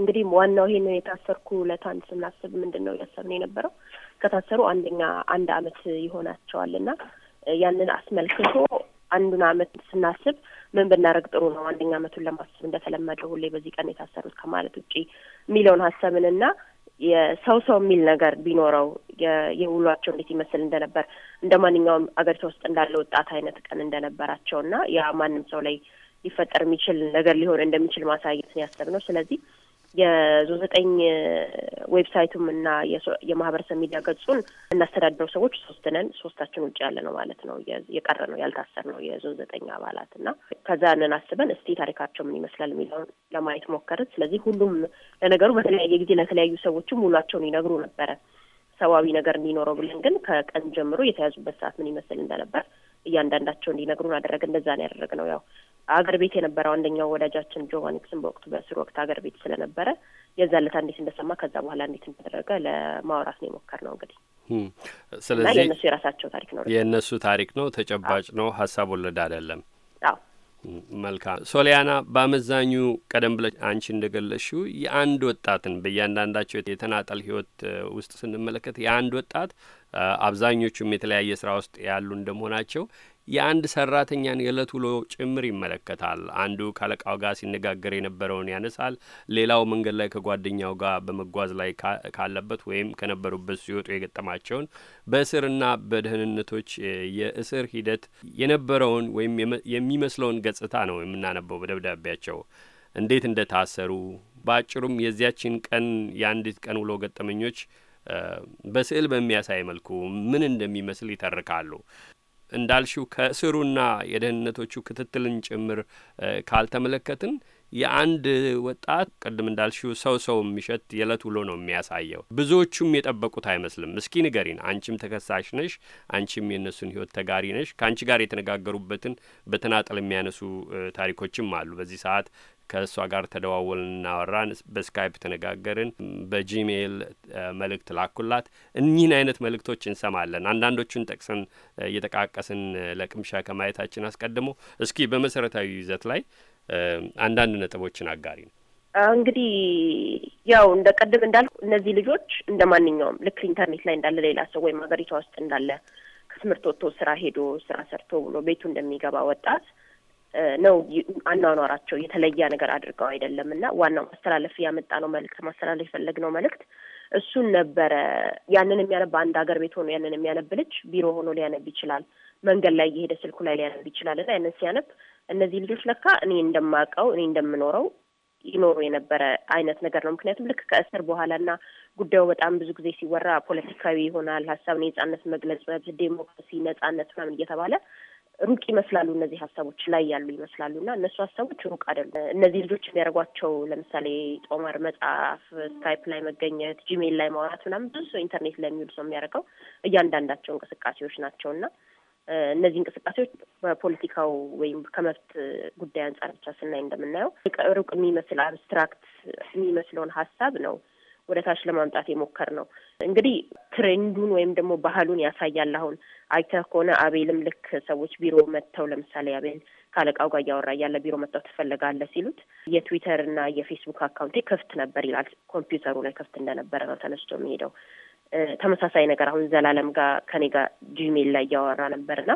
J: እንግዲህ ዋናው ይሄንን የታሰርኩ ለታን ስናስብ ምንድን ነው እያሰብን የነበረው ከታሰሩ አንደኛ አንድ አመት ይሆናቸዋል እና ያንን አስመልክቶ አንዱን አመት ስናስብ ምን ብናደርግ ጥሩ ነው አንደኛ አመቱን ለማሰብ እንደተለመደው ሁሌ በዚህ ቀን የታሰሩት ከማለት ውጪ የሚለውን ሀሳብንና የሰው ሰው የሚል ነገር ቢኖረው የውሏቸው እንዴት ይመስል እንደነበር እንደ ማንኛውም አገሪቷ ውስጥ እንዳለ ወጣት አይነት ቀን እንደነበራቸውና ያ ማንም ሰው ላይ ሊፈጠር የሚችል ነገር ሊሆን እንደሚችል ማሳየት ነው ያሰብነው። ስለዚህ የዞን ዘጠኝ ዌብሳይቱም እና የማህበረሰብ ሚዲያ ገጹን እናስተዳድረው ሰዎች ሶስት ነን። ሶስታችን ውጭ ያለ ነው ማለት ነው። የቀረ ነው ያልታሰር ነው የዞን ዘጠኝ አባላት እና ንን አስበን እስቲ ታሪካቸው ምን ይመስላል የሚለውን ለማየት ሞከርን። ስለዚህ ሁሉም ለነገሩ በተለያየ ጊዜ ለተለያዩ ሰዎችም ውሏቸውን ይነግሩ ነበረ። ሰብአዊ ነገር እንዲኖረው ብለን ግን ከቀን ጀምሮ የተያዙበት ሰዓት ምን ይመስል እንደነበር እያንዳንዳቸው እንዲነግሩን አደረገ። እንደዛ ነው ያደረግነው። ያው አገር ቤት የነበረው አንደኛው ወዳጃችን ጆቫኒክስን በወቅቱ በእስር ወቅት አገር ቤት ስለነበረ የዛን ዕለት እንዴት እንደሰማ ከዛ በኋላ እንዴት እንደተደረገ ለማውራት ነው ነው እንግዲህ ስለዚህ የእነሱ የራሳቸው ታሪክ ነው፣
A: የእነሱ ታሪክ ነው፣ ተጨባጭ ነው፣ ሀሳብ ወለድ አይደለም። አዎ መልካም ሶሊያና፣ በአመዛኙ ቀደም ብለሽ አንቺ እንደገለሽው የአንድ ወጣትን በእያንዳንዳቸው የተናጠል ህይወት ውስጥ ስንመለከት የአንድ ወጣት አብዛኞቹም የተለያየ ስራ ውስጥ ያሉ እንደመሆናቸው የአንድ ሰራተኛን የዕለት ውሎ ጭምር ይመለከታል። አንዱ ካለቃው ጋር ሲነጋገር የነበረውን ያነሳል። ሌላው መንገድ ላይ ከጓደኛው ጋር በመጓዝ ላይ ካለበት ወይም ከነበሩበት ሲወጡ የገጠማቸውን በእስርና በደህንነቶች የእስር ሂደት የነበረውን ወይም የሚመስለውን ገጽታ ነው የምናነበው በደብዳቤያቸው እንዴት እንደታሰሩ በአጭሩም የዚያችን ቀን የአንዲት ቀን ውሎ ገጠመኞች በስዕል በሚያሳይ መልኩ ምን እንደሚመስል ይተርካሉ። እንዳልሽው ከእስሩና የደህንነቶቹ ክትትልን ጭምር ካልተመለከትን የአንድ ወጣት ቅድም እንዳልሽው ሰው ሰው የሚሸት የዕለት ውሎ ነው የሚያሳየው። ብዙዎቹም የጠበቁት አይመስልም። እስኪ ንገሪን። አንቺም ተከሳሽ ነሽ፣ አንቺም የእነሱን ህይወት ተጋሪ ነሽ። ከአንቺ ጋር የተነጋገሩበትን በተናጠል የሚያነሱ ታሪኮችም አሉ። በዚህ ሰዓት ከእሷ ጋር ተደዋወልን፣ እናወራን፣ በስካይፕ ተነጋገርን፣ በጂሜይል መልእክት ላኩላት። እኚህን አይነት መልእክቶች እንሰማለን። አንዳንዶቹን ጠቅሰን እየጠቃቀስን ለቅምሻ ከማየታችን አስቀድሞ እስኪ በመሰረታዊ ይዘት ላይ አንዳንድ ነጥቦችን አጋሪ ነው።
J: እንግዲህ ያው እንደ ቀድም እንዳልኩ እነዚህ ልጆች እንደ ማንኛውም ልክ ኢንተርኔት ላይ እንዳለ ሌላ ሰው ወይም ሀገሪቷ ውስጥ እንዳለ ከትምህርት ወጥቶ ስራ ሄዶ ስራ ሰርቶ ብሎ ቤቱ እንደሚገባ ወጣት ነው አኗኗራቸው የተለያ ነገር አድርገው አይደለም እና ዋናው ማስተላለፍ ያመጣ ነው መልእክት ማስተላለፍ የፈለግነው መልእክት እሱን ነበረ። ያንን የሚያነብ አንድ ሀገር ቤት ሆኖ ያንን የሚያነብ ልጅ ቢሮ ሆኖ ሊያነብ ይችላል። መንገድ ላይ እየሄደ ስልኩ ላይ ሊያነብ ይችላል። እና ያንን ሲያነብ እነዚህ ልጆች ለካ እኔ እንደማውቀው እኔ እንደምኖረው ይኖሩ የነበረ አይነት ነገር ነው። ምክንያቱም ልክ ከእስር በኋላ እና ጉዳዩ በጣም ብዙ ጊዜ ሲወራ ፖለቲካዊ ይሆናል፣ ሀሳብን የነጻነት መግለጽ መብት፣ ዴሞክራሲ፣ ነጻነት ምናምን እየተባለ ሩቅ ይመስላሉ እነዚህ ሀሳቦች ላይ ያሉ ይመስላሉ እና እነሱ ሀሳቦች ሩቅ አይደሉም። እነዚህ ልጆች የሚያደርጓቸው ለምሳሌ ጦማር መጽሐፍ፣ ስካይፕ ላይ መገኘት፣ ጂሜል ላይ ማውራት ምናምን ብዙ ሰው ኢንተርኔት ላይ የሚውል ሰው የሚያደርገው እያንዳንዳቸው እንቅስቃሴዎች ናቸው እና እነዚህ እንቅስቃሴዎች በፖለቲካው ወይም ከመብት ጉዳይ አንጻር ብቻ ስናይ እንደምናየው ሩቅ የሚመስል አብስትራክት የሚመስለውን ሀሳብ ነው ወደ ታች ለማምጣት የሞከር ነው። እንግዲህ ትሬንዱን ወይም ደግሞ ባህሉን ያሳያል። አሁን አይተህ ከሆነ አቤልም ልክ ሰዎች ቢሮ መጥተው ለምሳሌ አቤል ካለቃው ጋር እያወራ እያለ ቢሮ መጥተው ትፈለጋለህ ሲሉት የትዊተር እና የፌስቡክ አካውንቴ ክፍት ነበር ይላል። ኮምፒውተሩ ላይ ክፍት እንደነበረ ነው ተነስቶ የሚሄደው። ተመሳሳይ ነገር አሁን ዘላለም ጋር ከኔ ጋር ጂሜል ላይ እያወራ ነበርና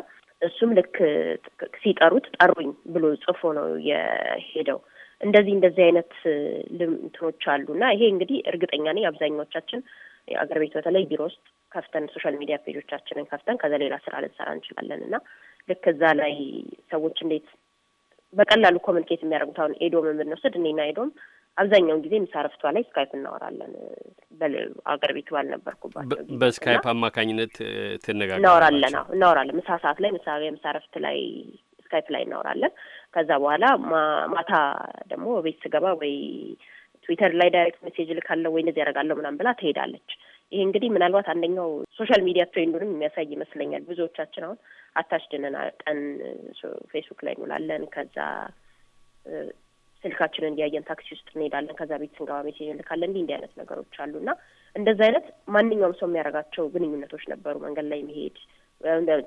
J: እሱም ልክ ሲጠሩት ጠሩኝ ብሎ ጽፎ ነው የሄደው። እንደዚህ እንደዚህ አይነት ልምትኖች አሉና ይሄ እንግዲህ እርግጠኛ ነኝ አብዛኛዎቻችን አገር ቤት በተለይ ቢሮ ውስጥ ከፍተን ሶሻል ሚዲያ ፔጆቻችንን ከፍተን ከዛ ሌላ ስራ ልንሰራ እንችላለን እና ልክ እዛ ላይ ሰዎች እንዴት በቀላሉ ኮሚኒኬት የሚያደርጉት አሁን ኤዶም የምንወስድ እኔና ኤዶም አብዛኛውን ጊዜ ምሳ ረፍቷ ላይ ስካይፕ እናወራለን። አገር ቤቱ ባልነበርኩባቸው
A: በስካይፕ አማካኝነት ትነጋገር እናወራለን
J: እናወራለን። ምሳ ሰዓት ላይ ምሳ ምሳ ረፍት ላይ ስካይፕ ላይ እናወራለን። ከዛ በኋላ ማታ ደግሞ ቤት ስገባ ወይ ትዊተር ላይ ዳይሬክት ሜሴጅ ልካለሁ ወይ እንደዚህ ያደርጋለሁ ምናምን ብላ ትሄዳለች። ይሄ እንግዲህ ምናልባት አንደኛው ሶሻል ሚዲያ ትሬንዱንም የሚያሳይ ይመስለኛል። ብዙዎቻችን አሁን አታች ድንን ቀን ፌስቡክ ላይ እንውላለን። ከዛ ስልካችንን እያየን ታክሲ ውስጥ እንሄዳለን። ከዛ ቤት ስንገባ ሜሴጅ እንልካለን። እንዲህ እንዲህ አይነት ነገሮች አሉ እና እንደዚ አይነት ማንኛውም ሰው የሚያደርጋቸው ግንኙነቶች ነበሩ። መንገድ ላይ መሄድ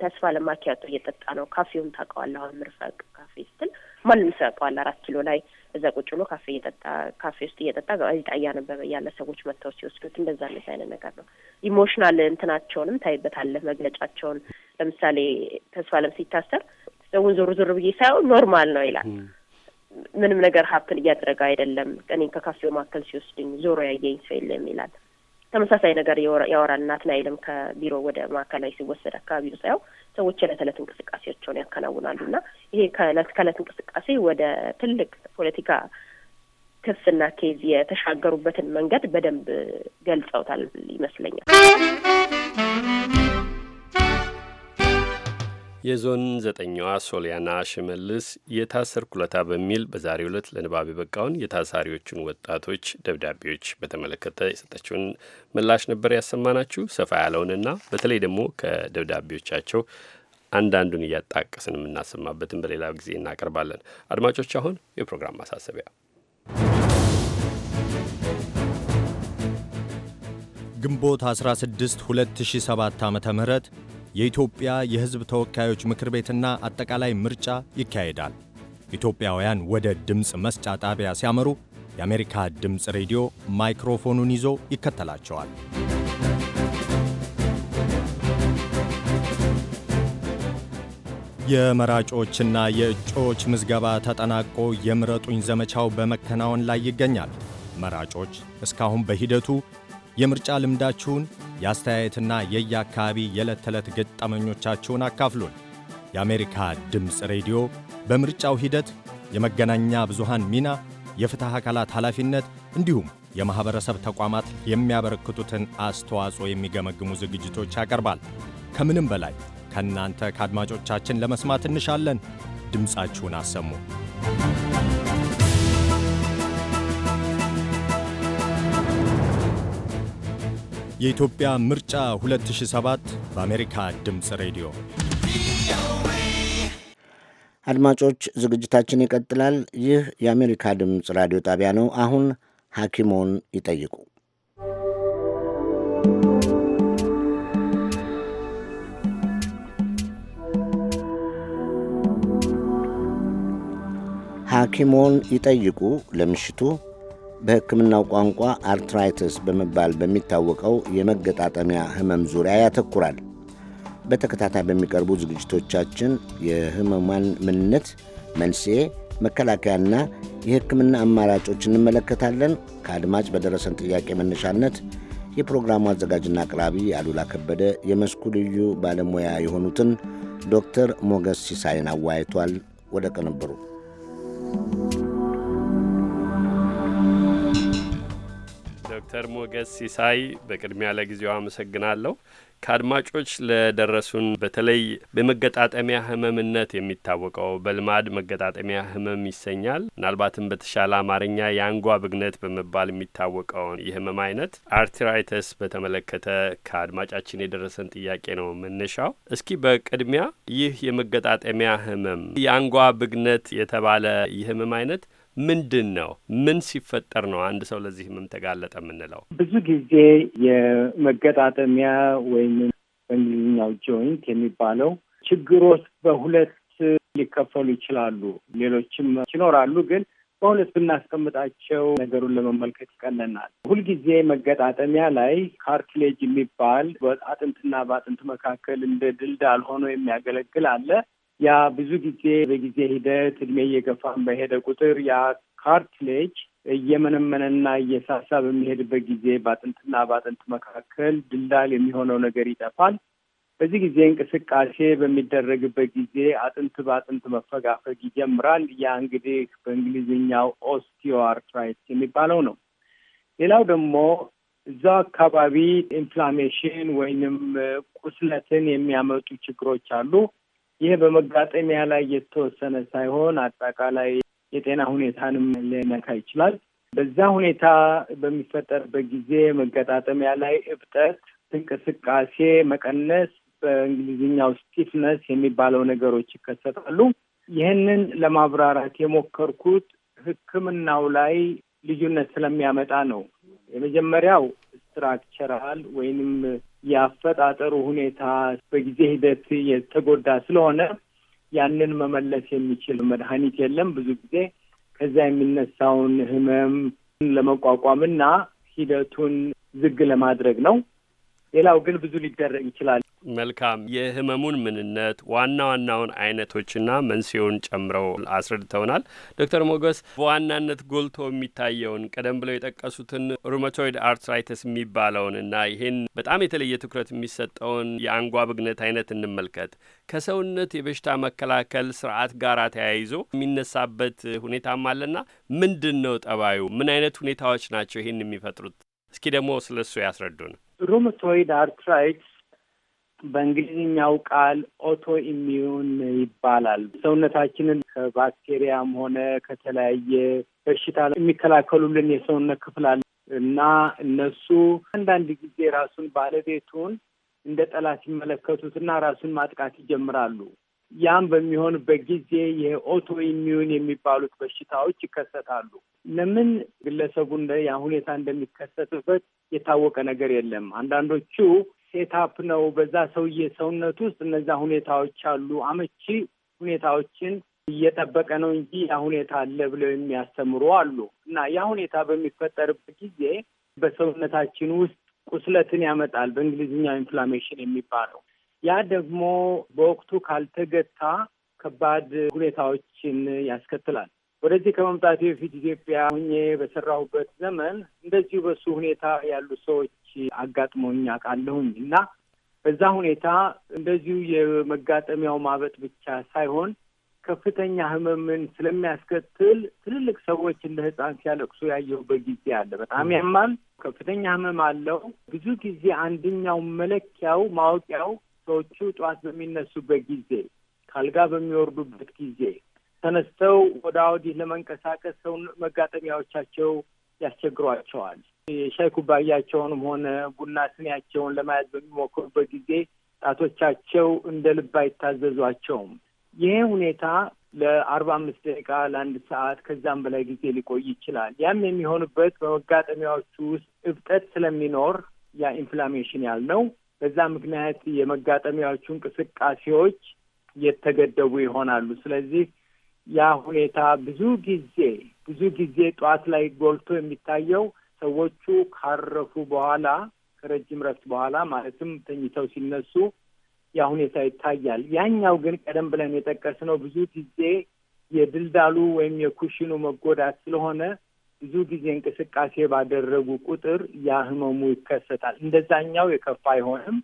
J: ተስፋ ለማኪያቶ እየጠጣ ነው። ካፌውን ታውቀዋለህ? አሁን ምርፈቅ ካፌ ስትል ማንም ሰው ያውቀዋል። አራት ኪሎ ላይ እዛ ቁጭ ብሎ ካፌ እየጠጣ ካፌ ውስጥ እየጠጣ ጋዜጣ እያነበበ ያለ ሰዎች መጥተው ሲወስዱት እንደዛ እንደዚህ አይነት ነገር ነው። ኢሞሽናል እንትናቸውንም ታይበታለህ፣ መግለጫቸውን። ለምሳሌ ተስፋ ለም ሲታሰር ሰውን ዞር ዞር ብዬ ሳይሆን ኖርማል ነው ይላል። ምንም ነገር ሀፕን እያደረገ አይደለም። እኔ ከካፌው መካከል ሲወስድኝ ዞሮ ያየኝ ሰው የለም ይላል። ተመሳሳይ ነገር ያወራል። ናትናኤልም ከቢሮ ወደ ማዕከላዊ ሲወሰድ አካባቢው ሳየው ሰዎች የዕለት ዕለት እንቅስቃሴያቸውን ያከናውናሉ እና ይሄ ከዕለት ከዕለት እንቅስቃሴ ወደ ትልቅ ፖለቲካ ክስና ኬዝ የተሻገሩበትን መንገድ በደንብ ገልጸውታል ይመስለኛል።
A: የዞን ዘጠኛዋ ሶሊያና ሽመልስ የታሰር ኩለታ በሚል በዛሬ ዕለት ለንባብ የበቃውን የታሳሪዎቹን ወጣቶች ደብዳቤዎች በተመለከተ የሰጠችውን ምላሽ ነበር ያሰማናችሁ። ሰፋ ያለውንና በተለይ ደግሞ ከደብዳቤዎቻቸው አንዳንዱን እያጣቀስን የምናሰማበትን በሌላ ጊዜ እናቀርባለን። አድማጮች፣ አሁን የፕሮግራም ማሳሰቢያ
K: ግንቦት 16 2007 ዓ ም የኢትዮጵያ የሕዝብ ተወካዮች ምክር ቤትና አጠቃላይ ምርጫ ይካሄዳል። ኢትዮጵያውያን ወደ ድምፅ መስጫ ጣቢያ ሲያመሩ የአሜሪካ ድምፅ ሬዲዮ ማይክሮፎኑን ይዞ ይከተላቸዋል። የመራጮችና የእጩዎች ምዝገባ ተጠናቆ የምረጡኝ ዘመቻው በመከናወን ላይ ይገኛል። መራጮች እስካሁን በሂደቱ የምርጫ ልምዳችሁን፣ የአስተያየትና የየአካባቢ የዕለት ተዕለት ገጠመኞቻችሁን አካፍሉን። የአሜሪካ ድምፅ ሬዲዮ በምርጫው ሂደት የመገናኛ ብዙሃን ሚና፣ የፍትሕ አካላት ኃላፊነት እንዲሁም የማኅበረሰብ ተቋማት የሚያበረክቱትን አስተዋጽኦ የሚገመግሙ ዝግጅቶች ያቀርባል። ከምንም በላይ ከእናንተ ከአድማጮቻችን ለመስማት እንሻለን። ድምፃችሁን አሰሙ። የኢትዮጵያ ምርጫ 2007 በአሜሪካ ድምፅ ሬዲዮ።
D: አድማጮች ዝግጅታችን ይቀጥላል። ይህ የአሜሪካ ድምፅ ራዲዮ ጣቢያ ነው። አሁን ሐኪሞን ይጠይቁ። ሐኪሞን ይጠይቁ ለምሽቱ በሕክምናው ቋንቋ አርትራይትስ በመባል በሚታወቀው የመገጣጠሚያ ህመም ዙሪያ ያተኩራል። በተከታታይ በሚቀርቡ ዝግጅቶቻችን የህመሟን ምንነት፣ መንስኤ፣ መከላከያና የሕክምና አማራጮች እንመለከታለን። ከአድማጭ በደረሰን ጥያቄ መነሻነት የፕሮግራሙ አዘጋጅና አቅራቢ አሉላ ከበደ የመስኩ ልዩ ባለሙያ የሆኑትን ዶክተር ሞገስ ሲሳይን አወያይቷል። ወደ you.
A: ዶክተር ሞገስ ሲሳይ በቅድሚያ ለጊዜው አመሰግናለሁ። ከአድማጮች ለደረሱን በተለይ በመገጣጠሚያ ህመምነት የሚታወቀው በልማድ መገጣጠሚያ ህመም ይሰኛል። ምናልባትም በተሻለ አማርኛ የአንጓ ብግነት በመባል የሚታወቀውን የህመም አይነት አርትራይተስ በተመለከተ ከአድማጫችን የደረሰን ጥያቄ ነው መነሻው። እስኪ በቅድሚያ ይህ የመገጣጠሚያ ህመም የአንጓ ብግነት የተባለ የህመም አይነት ምንድን ነው? ምን ሲፈጠር ነው አንድ ሰው ለዚህ ህመም ተጋለጠ የምንለው?
B: ብዙ ጊዜ የመገጣጠሚያ ወይም በእንግሊዝኛው ጆይንት የሚባለው ችግሮች በሁለት ሊከፈሉ ይችላሉ። ሌሎችም ይኖራሉ ግን በሁለት ብናስቀምጣቸው ነገሩን ለመመልከት ይቀለናል። ሁልጊዜ መገጣጠሚያ ላይ ካርትሌጅ የሚባል በአጥንትና በአጥንት መካከል እንደ ድልዳል ሆኖ የሚያገለግል አለ። ያ ብዙ ጊዜ በጊዜ ሂደት እድሜ እየገፋን በሄደ ቁጥር ያ ካርትሌጅ እየመነመነና እየሳሳ በሚሄድበት ጊዜ በአጥንትና በአጥንት መካከል ድልዳል የሚሆነው ነገር ይጠፋል። በዚህ ጊዜ እንቅስቃሴ በሚደረግበት ጊዜ አጥንት በአጥንት መፈጋፈግ ይጀምራል። ያ እንግዲህ በእንግሊዝኛው ኦስቲዮአርትራይት የሚባለው ነው። ሌላው ደግሞ እዛው አካባቢ ኢንፍላሜሽን ወይንም ቁስለትን የሚያመጡ ችግሮች አሉ። ይህ በመጋጠሚያ ላይ የተወሰነ ሳይሆን አጠቃላይ የጤና ሁኔታንም ሊነካ ይችላል። በዛ ሁኔታ በሚፈጠርበት ጊዜ መገጣጠሚያ ላይ እብጠት፣ እንቅስቃሴ መቀነስ፣ በእንግሊዝኛው ስቲፍነስ የሚባለው ነገሮች ይከሰታሉ። ይህንን ለማብራራት የሞከርኩት ሕክምናው ላይ ልዩነት ስለሚያመጣ ነው። የመጀመሪያው ስትራክቸራል ወይንም የአፈጣጠሩ ሁኔታ በጊዜ ሂደት የተጎዳ ስለሆነ ያንን መመለስ የሚችል መድኃኒት የለም። ብዙ ጊዜ ከዛ የሚነሳውን ህመም ለመቋቋምና ሂደቱን ዝግ ለማድረግ ነው። ሌላው ግን ብዙ ሊደረግ ይችላል።
A: መልካም የህመሙን ምንነት ዋና ዋናውን አይነቶችና መንስኤውን ጨምረው አስረድተውናል። ዶክተር ሞገስ በዋናነት ጎልቶ የሚታየውን ቀደም ብለው የጠቀሱትን ሩመቶይድ አርትራይተስ የሚባለውን እና ይህን በጣም የተለየ ትኩረት የሚሰጠውን የአንጓ ብግነት አይነት እንመልከት። ከሰውነት የበሽታ መከላከል ስርዓት ጋር ተያይዞ የሚነሳበት ሁኔታም አለና ምንድን ነው ጠባዩ? ምን አይነት ሁኔታዎች ናቸው ይህን የሚፈጥሩት? እስኪ ደግሞ ስለ እሱ ያስረዱን።
B: ሩመቶይድ አርትራይት በእንግሊዝኛው ቃል ኦቶ ኢሚዩን ይባላል። ሰውነታችንን ከባክቴሪያም ሆነ ከተለያየ በሽታ የሚከላከሉልን የሰውነት ክፍል አለ እና እነሱ አንዳንድ ጊዜ ራሱን ባለቤቱን እንደ ጠላት ሲመለከቱትና ራሱን ማጥቃት ይጀምራሉ። ያም በሚሆንበት ጊዜ የኦቶ ኢሚዩን የሚባሉት በሽታዎች ይከሰታሉ። ለምን ግለሰቡ ያ ሁኔታ እንደሚከሰትበት የታወቀ ነገር የለም። አንዳንዶቹ ሴታፕ ነው። በዛ ሰውዬ ሰውነት ውስጥ እነዛ ሁኔታዎች አሉ። አመቺ ሁኔታዎችን እየጠበቀ ነው እንጂ ያ ሁኔታ አለ ብለው የሚያስተምሩ አሉ። እና ያ ሁኔታ በሚፈጠርበት ጊዜ በሰውነታችን ውስጥ ቁስለትን ያመጣል። በእንግሊዝኛ ኢንፍላሜሽን የሚባለው ያ ደግሞ በወቅቱ ካልተገታ ከባድ ሁኔታዎችን ያስከትላል። ወደዚህ ከመምጣቴ በፊት ኢትዮጵያ ሁኜ በሰራሁበት ዘመን እንደዚሁ በሱ ሁኔታ ያሉ ሰዎች አጋጥመውኝ አውቃለሁኝ እና በዛ ሁኔታ እንደዚሁ የመጋጠሚያው ማበጥ ብቻ ሳይሆን ከፍተኛ ህመምን ስለሚያስከትል ትልልቅ ሰዎች እንደ ህፃን ሲያለቅሱ ያየሁበት ጊዜ አለ። በጣም ያማል። ከፍተኛ ህመም አለው። ብዙ ጊዜ አንደኛው መለኪያው ማወቂያው ሰዎቹ ጠዋት በሚነሱበት ጊዜ፣ ካልጋ በሚወርዱበት ጊዜ ተነስተው ወደ አውዲህ ለመንቀሳቀስ ሰው መጋጠሚያዎቻቸው ያስቸግሯቸዋል። የሻይ ኩባያቸውንም ሆነ ቡና ስኒያቸውን ለማያዝ በሚሞክሩበት ጊዜ ጣቶቻቸው እንደ ልብ አይታዘዟቸውም። ይሄ ሁኔታ ለአርባ አምስት ደቂቃ ለአንድ ሰዓት ከዛም በላይ ጊዜ ሊቆይ ይችላል። ያም የሚሆንበት በመጋጠሚያዎቹ ውስጥ እብጠት ስለሚኖር ያ ኢንፍላሜሽን ነው። በዛ ምክንያት የመጋጠሚያዎቹ እንቅስቃሴዎች የተገደቡ ይሆናሉ። ስለዚህ ያ ሁኔታ ብዙ ጊዜ ብዙ ጊዜ ጠዋት ላይ ጎልቶ የሚታየው ሰዎቹ ካረፉ በኋላ ከረጅም ረፍት በኋላ ማለትም ተኝተው ሲነሱ ያ ሁኔታ ይታያል። ያኛው ግን ቀደም ብለን የጠቀስነው ብዙ ጊዜ የድልዳሉ ወይም የኩሽኑ መጎዳት ስለሆነ ብዙ ጊዜ እንቅስቃሴ ባደረጉ ቁጥር ያ ህመሙ ይከሰታል። እንደዛኛው የከፋ አይሆንም።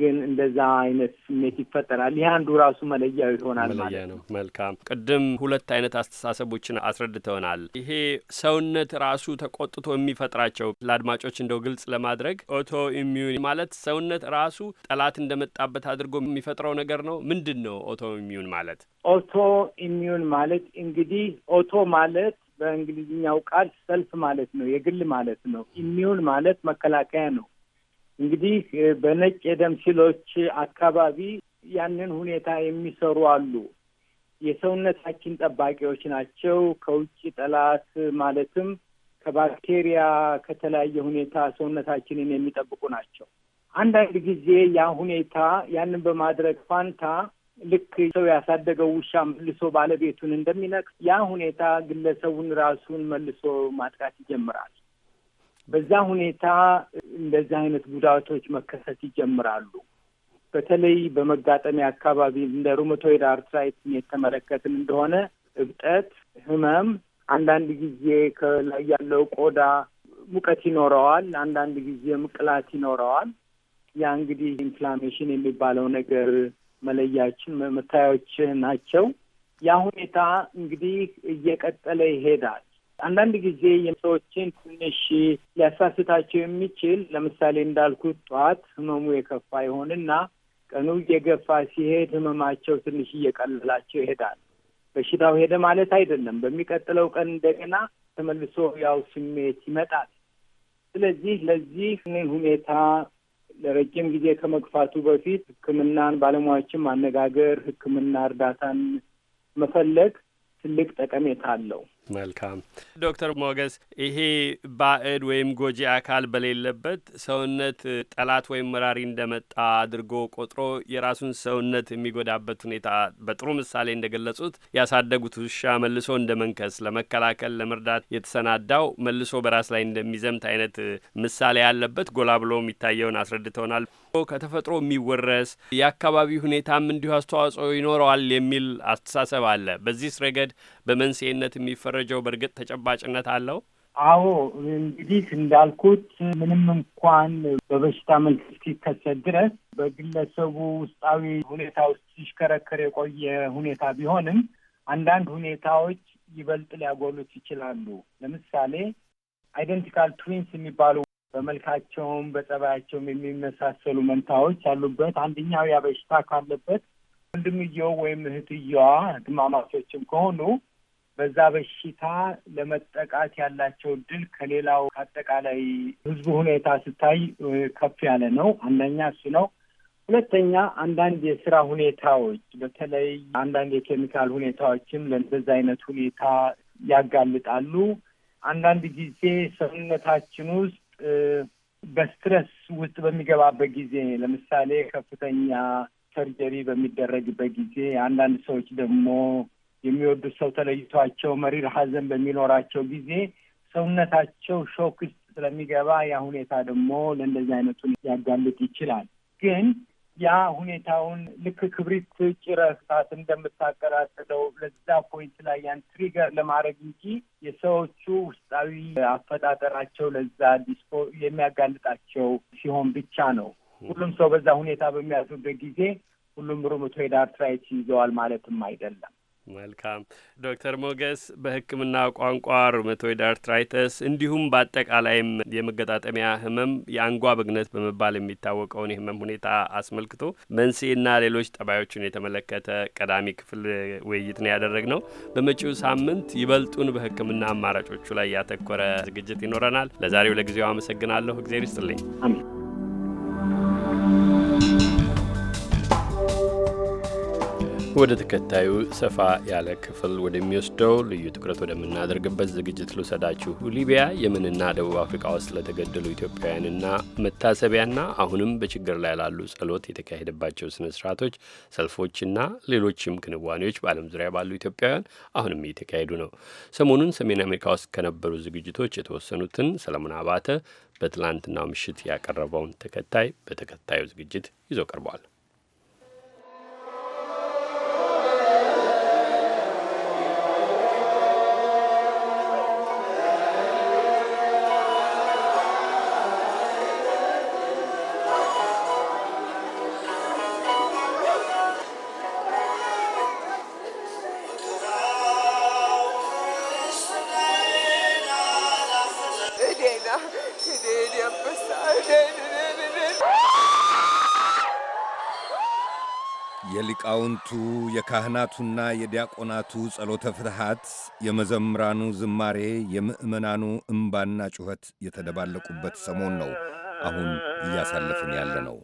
B: ግን እንደዛ አይነት ስሜት ይፈጠራል። ይህ አንዱ ራሱ መለያው ይሆናል ማለት ነው።
A: መልካም። ቅድም ሁለት አይነት አስተሳሰቦችን አስረድተውናል። ይሄ ሰውነት ራሱ ተቆጥቶ የሚፈጥራቸው ለአድማጮች እንደው ግልጽ ለማድረግ ኦቶ ኢሚዩን ማለት ሰውነት ራሱ ጠላት እንደመጣበት አድርጎ የሚፈጥረው ነገር ነው። ምንድን ነው ኦቶ ኢሚዩን ማለት?
B: ኦቶ ኢሚዩን ማለት እንግዲህ ኦቶ ማለት በእንግሊዝኛው ቃል ሰልፍ ማለት ነው፣ የግል ማለት ነው። ኢሚዩን ማለት መከላከያ ነው። እንግዲህ በነጭ የደም ሲሎች አካባቢ ያንን ሁኔታ የሚሰሩ አሉ። የሰውነታችን ጠባቂዎች ናቸው። ከውጭ ጠላት ማለትም ከባክቴሪያ ከተለያየ ሁኔታ ሰውነታችንን የሚጠብቁ ናቸው። አንዳንድ ጊዜ ያ ሁኔታ ያንን በማድረግ ፋንታ ልክ ሰው ያሳደገው ውሻ መልሶ ባለቤቱን እንደሚነክስ ያ ሁኔታ ግለሰቡን ራሱን መልሶ ማጥቃት ይጀምራል። በዛ ሁኔታ እንደዚህ አይነት ጉዳቶች መከሰት ይጀምራሉ። በተለይ በመጋጠሚያ አካባቢ እንደ ሩመቶይድ አርትራይት የተመለከትን እንደሆነ እብጠት፣ ህመም፣ አንዳንድ ጊዜ ከላይ ያለው ቆዳ ሙቀት ይኖረዋል። አንዳንድ ጊዜ ቅላት ይኖረዋል። ያ እንግዲህ ኢንፍላሜሽን የሚባለው ነገር መለያችን መታያዎች ናቸው። ያ ሁኔታ እንግዲህ እየቀጠለ ይሄዳል። አንዳንድ ጊዜ የሰዎችን ትንሽ ሊያሳስታቸው የሚችል ለምሳሌ እንዳልኩት ጠዋት ህመሙ የከፋ ይሆንና ቀኑ እየገፋ ሲሄድ ህመማቸው ትንሽ እየቀለላቸው ይሄዳል። በሽታው ሄደ ማለት አይደለም። በሚቀጥለው ቀን እንደገና ተመልሶ ያው ስሜት ይመጣል። ስለዚህ ለዚህ ሁኔታ ለረጅም ጊዜ ከመግፋቱ በፊት ሕክምናን ባለሙያዎችን ማነጋገር፣ ሕክምና እርዳታን መፈለግ ትልቅ ጠቀሜታ አለው።
A: መልካም ዶክተር ሞገስ ይሄ ባዕድ ወይም ጎጂ አካል በሌለበት ሰውነት ጠላት ወይም መራሪ እንደመጣ አድርጎ ቆጥሮ የራሱን ሰውነት የሚጎዳበት ሁኔታ በጥሩ ምሳሌ እንደገለጹት ያሳደጉት ውሻ መልሶ እንደ መንከስ ለመከላከል ለመርዳት የተሰናዳው መልሶ በራስ ላይ እንደሚዘምት አይነት ምሳሌ ያለበት ጎላ ብሎ የሚታየውን አስረድተውናል። ከተፈጥሮ የሚወረስ የአካባቢ ሁኔታም እንዲሁ አስተዋጽኦ ይኖረዋል የሚል አስተሳሰብ አለ። በዚህ ረገድ በመንስኤነት የሚፈረጀው በእርግጥ ተጨባጭነት
B: አለው? አዎ እንግዲህ እንዳልኩት ምንም እንኳን በበሽታ መልክ እስኪከሰት ድረስ በግለሰቡ ውስጣዊ ሁኔታ ውስጥ ሲሽከረከር የቆየ ሁኔታ ቢሆንም አንዳንድ ሁኔታዎች ይበልጥ ሊያጎሉት ይችላሉ። ለምሳሌ አይደንቲካል ትዊንስ የሚባሉ በመልካቸውም በጸባያቸውም የሚመሳሰሉ መንታዎች አሉበት። አንደኛው ያ በሽታ ካለበት ወንድምየው ወይም እህትየዋ ድማማቾችም ከሆኑ በዛ በሽታ ለመጠቃት ያላቸው እድል ከሌላው አጠቃላይ ህዝቡ ሁኔታ ስታይ ከፍ ያለ ነው። አንደኛ እሱ ነው። ሁለተኛ አንዳንድ የስራ ሁኔታዎች በተለይ አንዳንድ የኬሚካል ሁኔታዎችም ለእንደዛ አይነት ሁኔታ ያጋልጣሉ። አንዳንድ ጊዜ ሰውነታችን ውስጥ በስትረስ ውስጥ በሚገባበት ጊዜ ለምሳሌ ከፍተኛ ሰርጀሪ በሚደረግበት ጊዜ፣ አንዳንድ ሰዎች ደግሞ የሚወዱት ሰው ተለይቷቸው መሪር ሐዘን በሚኖራቸው ጊዜ ሰውነታቸው ሾክ ውስጥ ስለሚገባ ያ ሁኔታ ደግሞ ለእንደዚህ አይነቱን ሊያጋልጥ ይችላል ግን ያ ሁኔታውን ልክ ክብሪት ጭረህ እሳት እንደምታቀጣጥለው ለዛ ፖይንት ላይ ያን ትሪገር ለማድረግ እንጂ የሰዎቹ ውስጣዊ አፈጣጠራቸው ለዛ ዲስፖ የሚያጋልጣቸው ሲሆን ብቻ ነው። ሁሉም ሰው በዛ ሁኔታ በሚያዙበት ጊዜ ሁሉም ሩመቶይድ አርትራይት ይዘዋል ማለትም አይደለም።
A: መልካም ዶክተር ሞገስ በህክምና ቋንቋ ሩመቶይድ አርትራይተስ እንዲሁም በአጠቃላይም የመገጣጠሚያ ህመም የአንጓ ብግነት በመባል የሚታወቀውን የህመም ሁኔታ አስመልክቶ መንስኤና ሌሎች ጠባዮችን የተመለከተ ቀዳሚ ክፍል ውይይት ነው ነው በመጪው ሳምንት ይበልጡን በህክምና አማራጮቹ ላይ ያተኮረ ዝግጅት ይኖረናል። ለዛሬው ለጊዜው አመሰግናለሁ። እግዜር ይስጥልኝ። ወደ ተከታዩ ሰፋ ያለ ክፍል ወደሚወስደው ልዩ ትኩረት ወደምናደርግበት ዝግጅት ልውሰዳችሁ። ሊቢያ፣ የመንና ደቡብ አፍሪካ ውስጥ ለተገደሉ ኢትዮጵያውያንና መታሰቢያና አሁንም በችግር ላይ ላሉ ጸሎት የተካሄደባቸው ስነ ስርዓቶች፣ ሰልፎችና ሌሎችም ክንዋኔዎች በዓለም ዙሪያ ባሉ ኢትዮጵያውያን አሁንም እየተካሄዱ ነው። ሰሞኑን ሰሜን አሜሪካ ውስጥ ከነበሩ ዝግጅቶች የተወሰኑትን ሰለሞን አባተ በትላንትናው ምሽት ያቀረበውን ተከታይ በተከታዩ ዝግጅት ይዞ ቀርቧል።
L: የሊቃውንቱ የካህናቱና የዲያቆናቱ ጸሎተ ፍትሐት፣ የመዘምራኑ ዝማሬ፣ የምዕመናኑ እምባና ጩኸት የተደባለቁበት ሰሞን ነው አሁን እያሳለፍን ያለ ነው።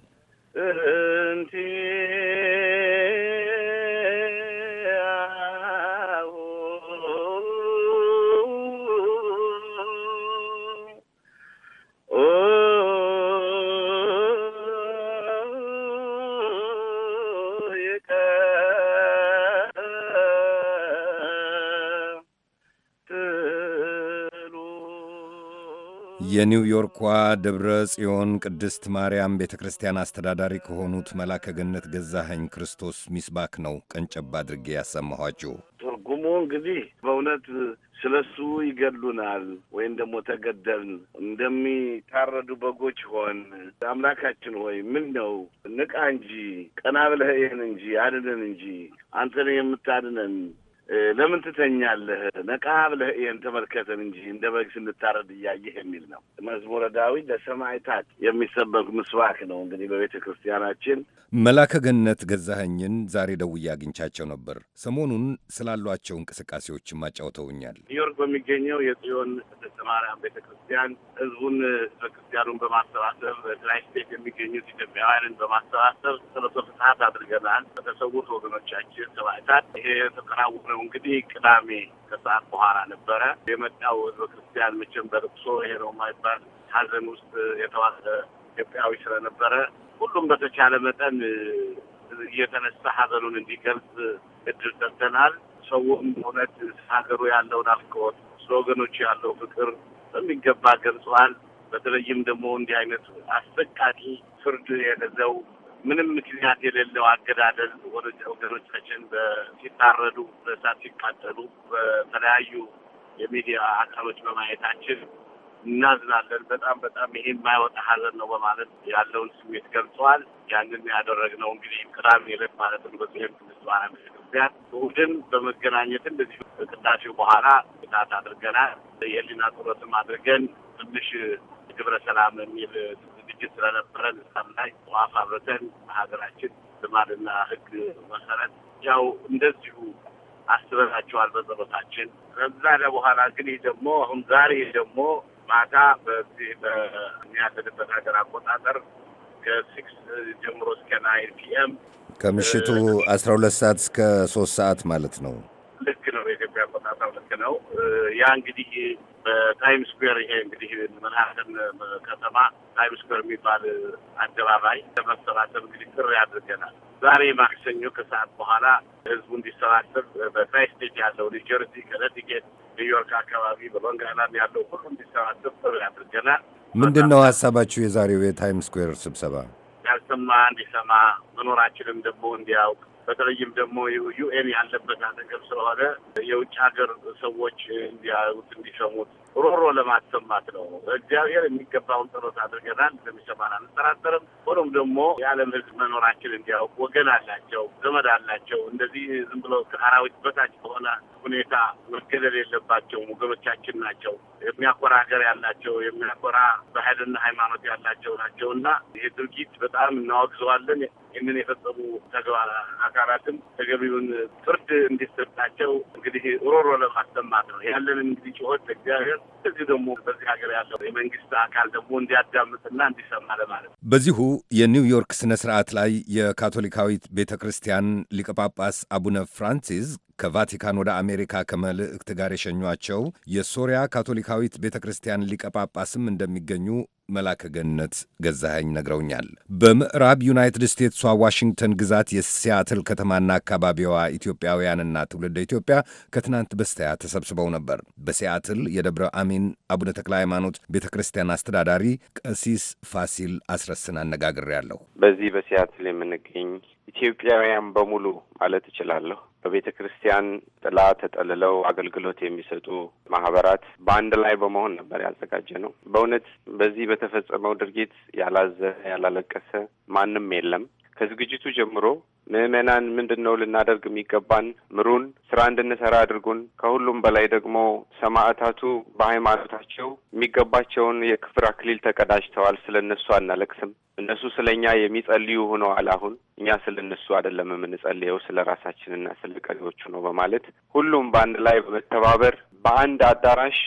L: የኒውዮርኳ ደብረ ጽዮን ቅድስት ማርያም ቤተ ክርስቲያን አስተዳዳሪ ከሆኑት መላከ ገነት ገዛኸኝ ክርስቶስ ሚስባክ ነው ቀንጨብ አድርጌ ያሰማኋችሁ።
M: ትርጉሙ እንግዲህ በእውነት ስለ እሱ ይገሉናል ወይም ደግሞ ተገደልን፣ እንደሚታረዱ በጎች ሆን። አምላካችን ሆይ ምን ነው ንቃ እንጂ፣ ቀና ብለህ ይህን እንጂ፣ አድነን እንጂ፣ አንተን የምታድነን ለምን ትተኛለህ? ነቃ ብለህ ይህን ተመልከተን እንጂ እንደ በግ ስንታረድ እያየህ የሚል ነው። መዝሙረ ዳዊት ለሰማዕታት የሚሰበክ ምስባክ ነው። እንግዲህ በቤተ ክርስቲያናችን
L: መላከ ገነት ገዛኸኝን ዛሬ ደውዬ አግኝቻቸው ነበር። ሰሞኑን ስላሏቸው እንቅስቃሴዎችም አጫውተውኛል።
M: ኒውዮርክ በሚገኘው የጽዮን ማርያም ቤተ ክርስቲያን ህዝቡን ህዝበ ክርስቲያኑን በማሰባሰብ ድራይ ስቴት የሚገኙት ኢትዮጵያውያንን በማሰባሰብ ጸሎተ ፍትሀት አድርገናል። በተሰዉት ወገኖቻችን ሰማዕታት። ይሄ የተከናወነው እንግዲህ ቅዳሜ ከሰዓት በኋላ ነበረ። የመጣው ህዝበ ክርስቲያን መቼም በልቅሶ ይሄ ነው የማይባል ሀዘን ውስጥ የተዋለ ኢትዮጵያዊ ስለነበረ ሁሉም በተቻለ መጠን እየተነሳ ሀዘኑን እንዲገልጽ እድል ሰጥተናል። ሰውም እውነት ሀገሩ ያለውን አፍቅሮት ለወገኖች ያለው ፍቅር በሚገባ ገልጸዋል። በተለይም ደግሞ እንዲህ አይነት አሰቃቂ ፍርድ የለዘው ምንም ምክንያት የሌለው አገዳደል ወገኖቻችን ሲታረዱ፣ በእሳት ሲቃጠሉ በተለያዩ የሚዲያ አካሎች በማየታችን
H: እናዝናለን።
M: በጣም በጣም ይሄ የማይወጣ ሀዘን ነው በማለት ያለውን ስሜት ገልጸዋል። ያንን ያደረግነው እንግዲህ ቅዳሜ ዕለት ማለትም በዚህም ምስባና ቤተክርስቲያን እሑድን በመገናኘት እንደዚሁ ቅዳሴው በኋላ ቅዳት አድርገናል። የህሊና ጥረትም አድርገን ትንሽ ግብረ ሰላም የሚል ዝግጅት ስለነበረን እዛም ላይ ዋፍ አብረተን በሀገራችን ልማድና ህግ መሰረት ያው እንደዚሁ አስበናቸዋል በጸሎታችን። ከዛ ለበኋላ ግን ይህ ደግሞ አሁን ዛሬ ደግሞ ማታ በዚህ በሚያደርበት ሀገር አቆጣጠር ከሲክስ ጀምሮ እስከ ናይን ፒኤም
L: ከምሽቱ 12 ሰዓት እስከ 3 ሰዓት ማለት ነው።
M: ልክ ነው። የኢትዮጵያ አቆጣጠር ልክ ነው። ያ እንግዲህ በታይም ስኩዌር ይሄ እንግዲህ መናሀተን ከተማ ታይም ስኩዌር የሚባል አደባባይ ለመሰባሰብ እንግዲህ ጥሪ አድርገናል። ዛሬ ማክሰኞ ከሰዓት በኋላ ህዝቡ እንዲሰባሰብ በትራይ ያለው ኒው ጀርሲ፣ ኒውዮርክ አካባቢ በሎንግ አይላንድ ያለው ሁሉ እንዲሰባሰብ ጥሪ አድርገናል።
L: ምንድን ነው ሀሳባችሁ የዛሬው የታይም ስኩዌር ስብሰባ?
M: ያልሰማ እንዲሰማ መኖራችንም ደግሞ እንዲያውቅ በተለይም ደግሞ ዩኤን ያለበት አጠገብ ስለሆነ የውጭ ሀገር ሰዎች እንዲያዩት እንዲሰሙት ሮሮ ለማሰማት ነው። እግዚአብሔር የሚገባውን ጸሎት አድርገናል፣ እንደሚሰማን አንጠራጠርም። ሆኖም ደግሞ የዓለም ሕዝብ መኖራችን እንዲያውቅ ወገን አላቸው፣ ዘመድ አላቸው። እንደዚህ ዝም ብለው ከአራዊት በታች በሆነ ሁኔታ መገለል የለባቸው ወገኖቻችን ናቸው። የሚያኮራ ሀገር ያላቸው የሚያኮራ ባህልና ሃይማኖት ያላቸው ናቸው እና ይህ ድርጊት በጣም እናወግዘዋለን። ይህንን የፈጸሙ ተግባር አካላትም ተገቢውን ፍርድ እንዲሰጣቸው እንግዲህ ሮሮ ለማሰማት ነው ያለን እንግዲህ ጩኸት እግዚአብሔር ማለት እዚህ ደግሞ በዚህ ሀገር ያለው የመንግስት አካል ደግሞ እንዲያዳምጥና እንዲሰማ ለማለት ነው።
L: በዚሁ የኒውዮርክ ስነ ስርዓት ላይ የካቶሊካዊት ቤተ ክርስቲያን ሊቀ ጳጳስ አቡነ ፍራንሲስ ከቫቲካን ወደ አሜሪካ ከመልእክት ጋር የሸኟቸው የሶሪያ ካቶሊካዊት ቤተ ክርስቲያን ሊቀ ጳጳስም እንደሚገኙ መላከ ገነት ገዛኸኝ ነግረውኛል። በምዕራብ ዩናይትድ ስቴትሷ ዋሽንግተን ግዛት የሲያትል ከተማና አካባቢዋ ኢትዮጵያውያንና ትውልደ ኢትዮጵያ ከትናንት በስቲያ ተሰብስበው ነበር። በሲያትል የደብረ አሚን አቡነ ተክለ ሃይማኖት ቤተ ክርስቲያን አስተዳዳሪ ቀሲስ ፋሲል አስረስን አነጋግሬያለሁ።
N: በዚህ በሲያትል የምንገኝ ኢትዮጵያውያን በሙሉ ማለት እችላለሁ በቤተ ክርስቲያን ጥላ ተጠልለው አገልግሎት የሚሰጡ ማህበራት በአንድ ላይ በመሆን ነበር ያዘጋጀ ነው። በእውነት በዚህ በተፈጸመው ድርጊት ያላዘ ያላለቀሰ ማንም የለም። ከዝግጅቱ ጀምሮ ምዕመናን ምንድን ነው ልናደርግ የሚገባን ምሩን፣ ስራ እንድንሰራ አድርጉን። ከሁሉም በላይ ደግሞ ሰማዕታቱ በሃይማኖታቸው የሚገባቸውን የክብር አክሊል ተቀዳጅተዋል። ስለ እነሱ አናለቅስም። እነሱ ስለ እኛ የሚጸልዩ ሆነዋል። አሁን እኛ ስለ እነሱ አይደለም የምንጸልየው ስለ ራሳችንና ስለ ቀሪዎቹ ነው በማለት ሁሉም በአንድ ላይ በመተባበር በአንድ አዳራሽ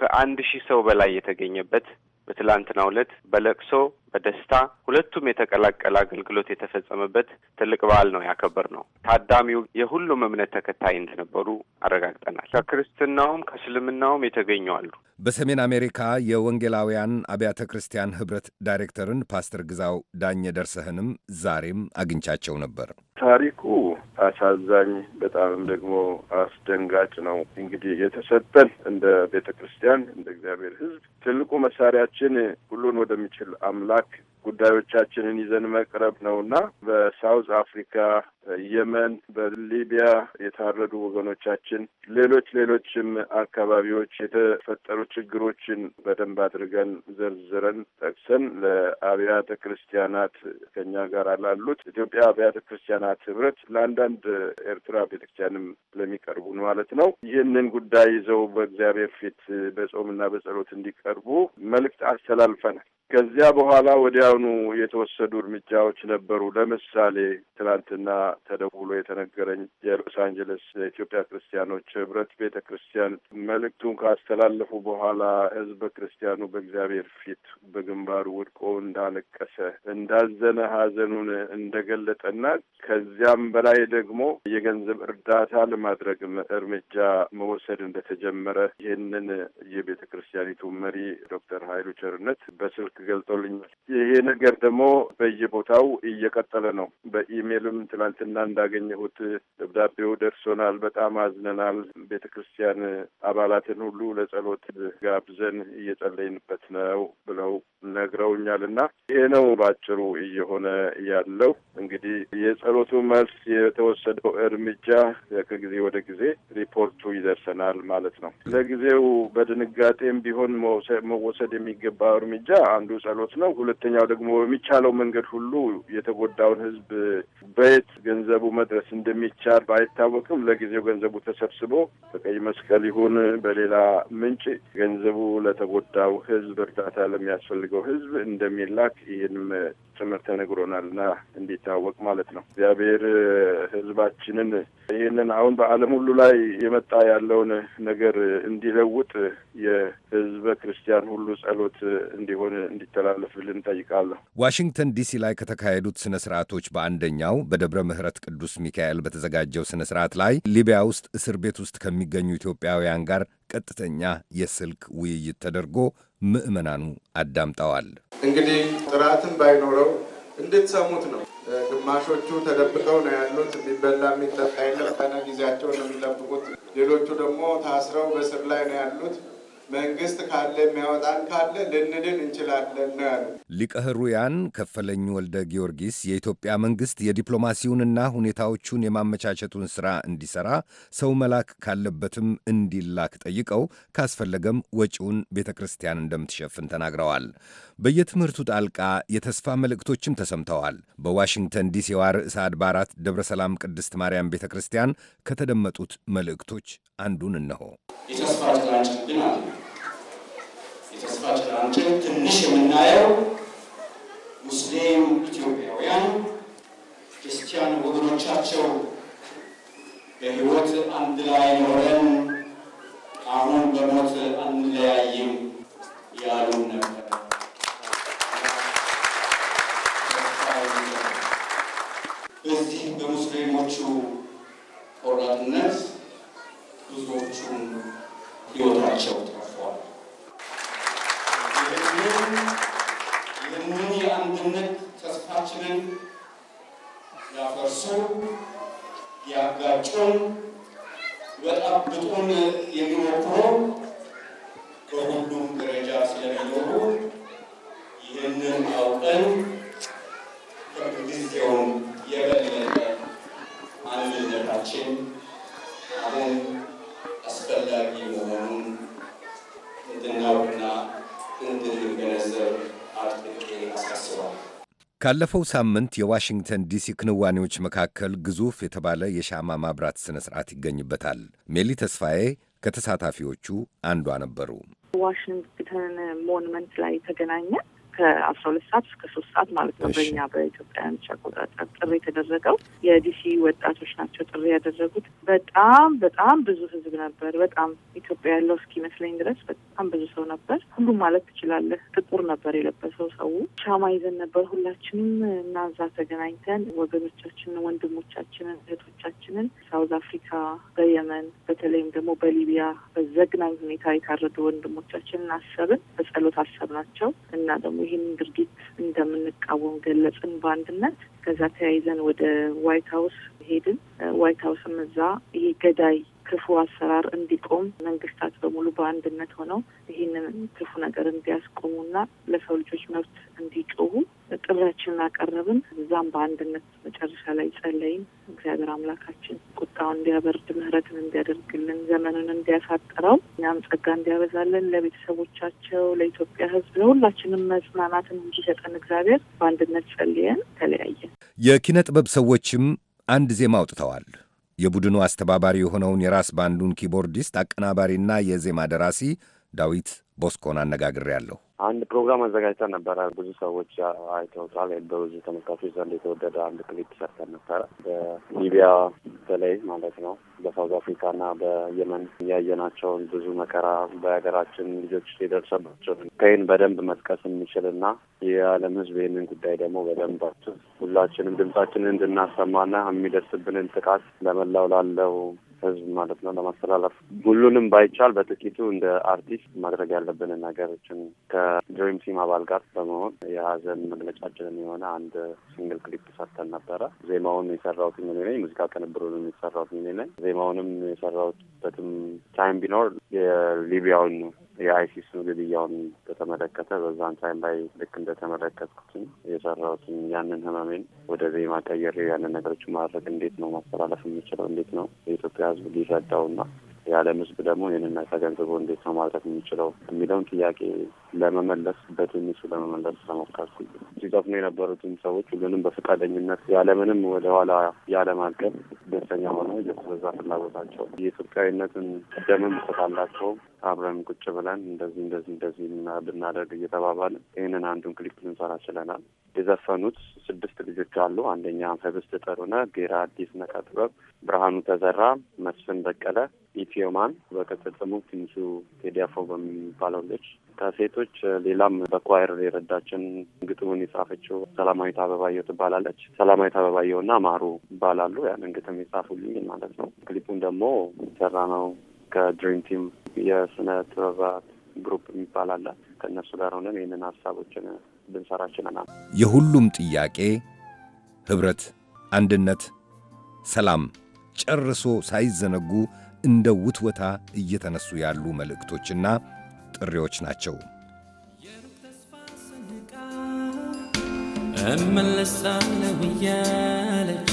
N: ከአንድ ሺህ ሰው በላይ የተገኘበት በትላንትናው ዕለት በለቅሶ በደስታ ሁለቱም የተቀላቀለ አገልግሎት የተፈጸመበት ትልቅ በዓል ነው ያከበር ነው። ታዳሚው የሁሉም እምነት ተከታይ እንደነበሩ አረጋግጠናል። ከክርስትናውም ከእስልምናውም የተገኙ አሉ።
L: በሰሜን አሜሪካ የወንጌላውያን አብያተ ክርስቲያን ህብረት ዳይሬክተርን ፓስተር ግዛው ዳኘ ደርሰህንም ዛሬም አግኝቻቸው ነበር።
H: ታሪኩ አሳዛኝ በጣም ደግሞ አስደንጋጭ ነው። እንግዲህ የተሰጠን እንደ ቤተ ክርስቲያን እንደ እግዚአብሔር ህዝብ ትልቁ መሳሪያችን ሁሉን ወደሚችል አምላክ ኢራቅ ጉዳዮቻችንን ይዘን መቅረብ ነውና በሳውዝ አፍሪካ፣ የመን፣ በሊቢያ የታረዱ ወገኖቻችን፣ ሌሎች ሌሎችም አካባቢዎች የተፈጠሩ ችግሮችን በደንብ አድርገን ዘርዝረን ጠቅሰን ለአብያተ ክርስቲያናት ከኛ ጋር ላሉት ኢትዮጵያ አብያተ ክርስቲያናት ህብረት ለአንዳንድ ኤርትራ ቤተክርስቲያንም ለሚቀርቡ ማለት ነው ይህንን ጉዳይ ይዘው በእግዚአብሔር ፊት በጾምና በጸሎት እንዲቀርቡ መልእክት አስተላልፈናል። ከዚያ በኋላ ወዲያውኑ የተወሰዱ እርምጃዎች ነበሩ። ለምሳሌ ትናንትና ተደውሎ የተነገረኝ የሎስ አንጀለስ የኢትዮጵያ ክርስቲያኖች ህብረት ቤተ ክርስቲያን መልእክቱን ካስተላለፉ በኋላ ህዝበ ክርስቲያኑ በእግዚአብሔር ፊት በግንባሩ ወድቆ እንዳለቀሰ እንዳዘነ ሀዘኑን እንደገለጠና ከዚያም በላይ ደግሞ የገንዘብ እርዳታ ለማድረግ እርምጃ መወሰድ እንደተጀመረ ይህንን የቤተ ክርስቲያኒቱ መሪ ዶክተር ሀይሉ ቸርነት በስልክ ገልጦልኛል። ይሄ ነገር ደግሞ በየቦታው እየቀጠለ ነው። በኢሜይልም ትናንትና እንዳገኘሁት ደብዳቤው ደርሶናል። በጣም አዝነናል። ቤተ ክርስቲያን አባላትን ሁሉ ለጸሎት ጋብዘን እየጸለይንበት ነው ብለው ነግረውኛል። እና ይሄ ነው ባጭሩ እየሆነ ያለው። እንግዲህ የጸሎቱ መልስ የተወሰደው እርምጃ ከጊዜ ወደ ጊዜ ሪፖርቱ ይደርሰናል ማለት ነው። ለጊዜው በድንጋጤም ቢሆን መወሰድ የሚገባ እርምጃ አንዱ ጸሎት ነው። ሁለተኛው ደግሞ በሚቻለው መንገድ ሁሉ የተጎዳውን ህዝብ በየት ገንዘቡ መድረስ እንደሚቻል ባይታወቅም ለጊዜው ገንዘቡ ተሰብስቦ በቀይ መስቀል ይሁን በሌላ ምንጭ ገንዘቡ ለተጎዳው ህዝብ እርዳታ ለሚያስፈልገው ህዝብ እንደሚላክ ይህንም ትምህርት ተነግሮናል እንዲታወቅ ማለት ነው። እግዚአብሔር ህዝባችንን ይህንን አሁን በዓለም ሁሉ ላይ የመጣ ያለውን ነገር እንዲለውጥ የህዝበ ክርስቲያን ሁሉ ጸሎት እንዲሆን እንዲተላለፍልን እንዲያግዝን እንጠይቃለን።
L: ዋሽንግተን ዲሲ ላይ ከተካሄዱት ስነ ስርዓቶች በአንደኛው በደብረ ምሕረት ቅዱስ ሚካኤል በተዘጋጀው ስነ ስርዓት ላይ ሊቢያ ውስጥ እስር ቤት ውስጥ ከሚገኙ ኢትዮጵያውያን ጋር ቀጥተኛ የስልክ ውይይት ተደርጎ ምዕመናኑ አዳምጠዋል።
N: እንግዲህ ጥራትን ባይኖረው እንድትሰሙት ነው። ግማሾቹ ተደብቀው ነው ያሉት። የሚበላ የሚጠጣ የለም። ጊዜያቸውን ነው የሚጠብቁት። ሌሎቹ ደግሞ ታስረው በስር ላይ ነው ያሉት። መንግስት ካለ የሚያወጣን ካለ ልንድን እንችላለን ነው ያሉ
L: ሊቀ ሕሩያን ከፈለኝ ወልደ ጊዮርጊስ የኢትዮጵያ መንግስት የዲፕሎማሲውንና ሁኔታዎቹን የማመቻቸቱን ስራ እንዲሰራ ሰው መላክ ካለበትም እንዲላክ ጠይቀው ካስፈለገም ወጪውን ቤተ ክርስቲያን እንደምትሸፍን ተናግረዋል። በየትምህርቱ ጣልቃ የተስፋ መልእክቶችም ተሰምተዋል። በዋሽንግተን ዲሲዋ ርዕሰ አድባራት ደብረ ሰላም ቅድስት ማርያም ቤተ ክርስቲያን ከተደመጡት መልእክቶች አንዱን እነሆ።
M: የተስፋ ጭላንጭል ግን አለ ተስፋ ጭላንጭል ትንሽ የምናየው ሙስሊም
L: ኢትዮጵያውያን ክርስቲያን ወገኖቻቸው በህይወት አንድ ላይ ኖረን አሁን በሞት አንለያይም
J: ያሉን ነበር። በዚህ በሙስሊሞቹ
L: ቆራጥነት ብዙዎቹን ሕይወታቸው የሙሉን የአንድነት ተስፋችንን
K: ያፈርሱ ያጋጩን በጣብጡን የሚሞክሩ በሁሉም
M: ደረጃ ስለሚኖሩ ይህንን አውቀን ከምንጊዜውም የበለጠ አንድነታችን
N: አሁን አስፈላጊ መሆኑን እንድናውቅና
M: እንድንገነዘብ አጥብቄ
L: ካለፈው ሳምንት የዋሽንግተን ዲሲ ክንዋኔዎች መካከል ግዙፍ የተባለ የሻማ ማብራት ሥነ ሥርዓት ይገኝበታል። ሜሊ ተስፋዬ ከተሳታፊዎቹ አንዷ ነበሩ።
I: ዋሽንግተን ሞኑመንት ላይ ተገናኘ። ከአስራ ሁለት ሰዓት እስከ ሶስት ሰዓት ማለት ነው በእኛ በኢትዮጵያውያኖች አቆጣጠር ጥሪ የተደረገው። የዲሲ ወጣቶች ናቸው ጥሪ ያደረጉት። በጣም በጣም ብዙ ህዝብ ነበር። በጣም ኢትዮጵያ ያለው እስኪመስለኝ ድረስ በጣም ብዙ ሰው ነበር። ሁሉም ማለት ትችላለህ። ጥቁር ነበር የለበሰው ሰው። ሻማ ይዘን ነበር ሁላችንም እና እዛ ተገናኝተን ወገኖቻችንን፣ ወንድሞቻችንን፣ እህቶቻችንን ሳውዝ አፍሪካ፣ በየመን በተለይም ደግሞ በሊቢያ በዘግናኝ ሁኔታ የታረዱ ወንድሞቻችንን አሰብን። በጸሎት አሰብናቸው እና ደግሞ ይህን ድርጊት እንደምንቃወም ገለጽን በአንድነት። ከዛ ተያይዘን ወደ ዋይት ሀውስ ሄድን። ዋይት ሀውስም እዛ ይሄ ገዳይ ክፉ አሰራር እንዲቆም መንግስታት በሙሉ በአንድነት ሆነው ይህንን ክፉ ነገር እንዲያስቆሙና ለሰው ልጆች መብት እንዲጮሁ ጥሪያችንን አቀረብን። እዛም በአንድነት መጨረሻ ላይ ጸለይን። እግዚአብሔር አምላካችን ቁጣውን እንዲያበርድ ምሕረትን እንዲያደርግልን ዘመኑን እንዲያሳጥረው እኛም ጸጋ እንዲያበዛልን ለቤተሰቦቻቸው፣ ለኢትዮጵያ ሕዝብ ለሁላችንም መጽናናትን እንዲሰጠን እግዚአብሔር በአንድነት ጸልየን
J: ተለያየን።
L: የኪነ ጥበብ ሰዎችም አንድ ዜማ አውጥተዋል። የቡድኑ አስተባባሪ የሆነውን የራስ ባንዱን ኪቦርዲስት አቀናባሪና የዜማ ደራሲ ዳዊት ቦስኮን አነጋግሬያለሁ።
O: አንድ ፕሮግራም አዘጋጅተን ነበረ። ብዙ ሰዎች አይተውታል። በብዙ ተመልካቾች ዘንድ የተወደደ አንድ ክሊፕ ሰርተን ነበረ። በሊቢያ በተለይ ማለት ነው በሳውዝ አፍሪካና በየመን ያየናቸውን ብዙ መከራ በሀገራችን ልጆች የደርሰባቸውን ከይን በደንብ መጥቀስ የሚችልና የዓለም ሕዝብ ይህንን ጉዳይ ደግሞ በደንብ ሁላችንም ድምጻችንን እንድናሰማና የሚደርስብንን ጥቃት ለመላው ላለው ህዝብ ማለት ነው ለማስተላለፍ ሁሉንም ባይቻል በጥቂቱ እንደ አርቲስት ማድረግ ያለብንን ነገሮችን ከድሪም ቲም አባል ጋር በመሆን የሀዘን መግለጫችንን የሆነ አንድ ሲንግል ክሊፕ ሰርተን ነበረ። ዜማውን የሰራሁት እኔ ነኝ። ሙዚቃ ቅንብሩንም የሰራሁት እኔ ነኝ። ዜማውንም የሰራሁበትም ታይም ቢኖር የሊቢያውን የአይሲሱ ግድያውን በተመለከተ በዛን ታይም ላይ ልክ እንደተመለከትኩትም የሰራሁትን ያንን ህመሜን ወደ ዜማ ቀየሬ ያንን ነገሮች ማድረግ እንዴት ነው ማስተላለፍ የሚችለው እንዴት ነው የኢትዮጵያ ህዝብ ሊረዳውና የዓለም ህዝብ ደግሞ ይህንን ተገንዝቦ እንዴት ነው ማድረግ የሚችለው የሚለውን ጥያቄ ለመመለስ በትንሹ ለመመለስ ተሞከርኩ። ሲጠፍኑ የነበሩትን ሰዎች ሁሉንም በፈቃደኝነት ያለምንም ወደኋላ አቀፍ ደስተኛ ሆነው የተበዛ ፍላጎታቸው የኢትዮጵያዊነትን ደምም ስላላቸውም አብረን ቁጭ ብለን እንደዚህ እንደዚህ እንደዚህ ብናደርግ እየተባባል ይህንን አንዱን ክሊፕ ልንሰራ ችለናል። የዘፈኑት ስድስት ልጆች አሉ። አንደኛ ህብስት ጥሩነህ፣ ጌራ አዲስ፣ ነቀጥበብ፣ ብርሃኑ ተዘራ፣ መስፍን በቀለ፣ ኢትዮማን በቅጽል ስሙ ትንሹ ቴዲያፎ በሚባለው ልጅ ከሴቶች ሌላም በኳይር የረዳችን ግጥሙን የጻፈችው ሰላማዊት አበባየው ትባላለች። ሰላማዊት አበባየውና ማሩ ይባላሉ። ያንን ግጥም የጻፉልኝ ማለት ነው። ክሊፑን ደግሞ ሰራ ነው ከድሪም ቲም የስነ ጥበባት ግሩፕ የሚባል አለ። ከእነሱ ጋር ሆነን ይህንን ሀሳቦችን ልንሰራ ችለናል።
L: የሁሉም ጥያቄ ህብረት አንድነት፣ ሰላም ጨርሶ ሳይዘነጉ እንደ ውትወታ እየተነሱ ያሉ መልእክቶችና ጥሪዎች ናቸው።
G: እመለሳለሁ እያለች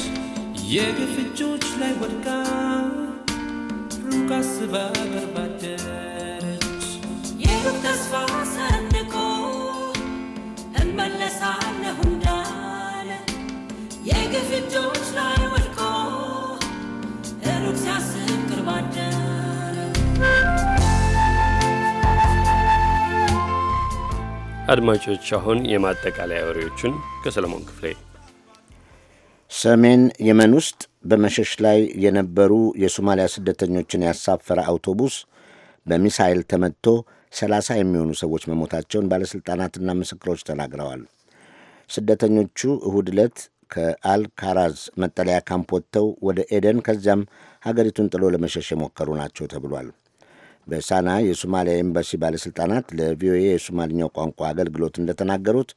G: የግፍ እጆች ላይ ወድቃ ሩቅ አስባ የሩቅ
E: ተስፋ ሰንቆ እመለሳለሁ እንዳለ የግፍ እጆች ላይ ወድቆ ሩቅ ሲያስብ ቅርብ አደረ።
A: አድማጮች፣ አሁን የማጠቃለያ ወሬዎቹን ከሰለሞን ክፍሌ
D: ሰሜን የመን ውስጥ በመሸሽ ላይ የነበሩ የሶማሊያ ስደተኞችን ያሳፈረ አውቶቡስ በሚሳይል ተመትቶ ሰላሳ የሚሆኑ ሰዎች መሞታቸውን ባለሥልጣናትና ምስክሮች ተናግረዋል። ስደተኞቹ እሁድ ዕለት ከአልካራዝ መጠለያ ካምፕ ወጥተው ወደ ኤደን ከዚያም ሀገሪቱን ጥሎ ለመሸሽ የሞከሩ ናቸው ተብሏል። በሳና የሶማሊያ ኤምባሲ ባለሥልጣናት ለቪኦኤ የሶማልኛው ቋንቋ አገልግሎት እንደተናገሩት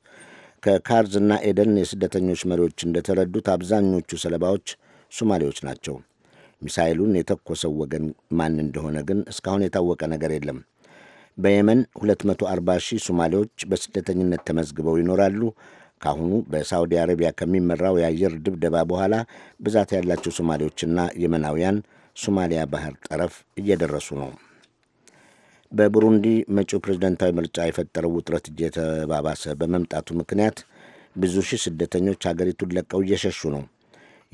D: ከካርዝ እና ኤደን የስደተኞች መሪዎች እንደተረዱት አብዛኞቹ ሰለባዎች ሶማሌዎች ናቸው። ሚሳይሉን የተኮሰው ወገን ማን እንደሆነ ግን እስካሁን የታወቀ ነገር የለም። በየመን 240 ሺህ ሶማሌዎች በስደተኝነት ተመዝግበው ይኖራሉ። ካሁኑ በሳውዲ አረቢያ ከሚመራው የአየር ድብደባ በኋላ ብዛት ያላቸው ሶማሌዎችና የመናውያን ሶማሊያ ባህር ጠረፍ እየደረሱ ነው። በቡሩንዲ መጪው ፕሬዝደንታዊ ምርጫ የፈጠረው ውጥረት እየተባባሰ በመምጣቱ ምክንያት ብዙ ሺህ ስደተኞች ሀገሪቱን ለቀው እየሸሹ ነው።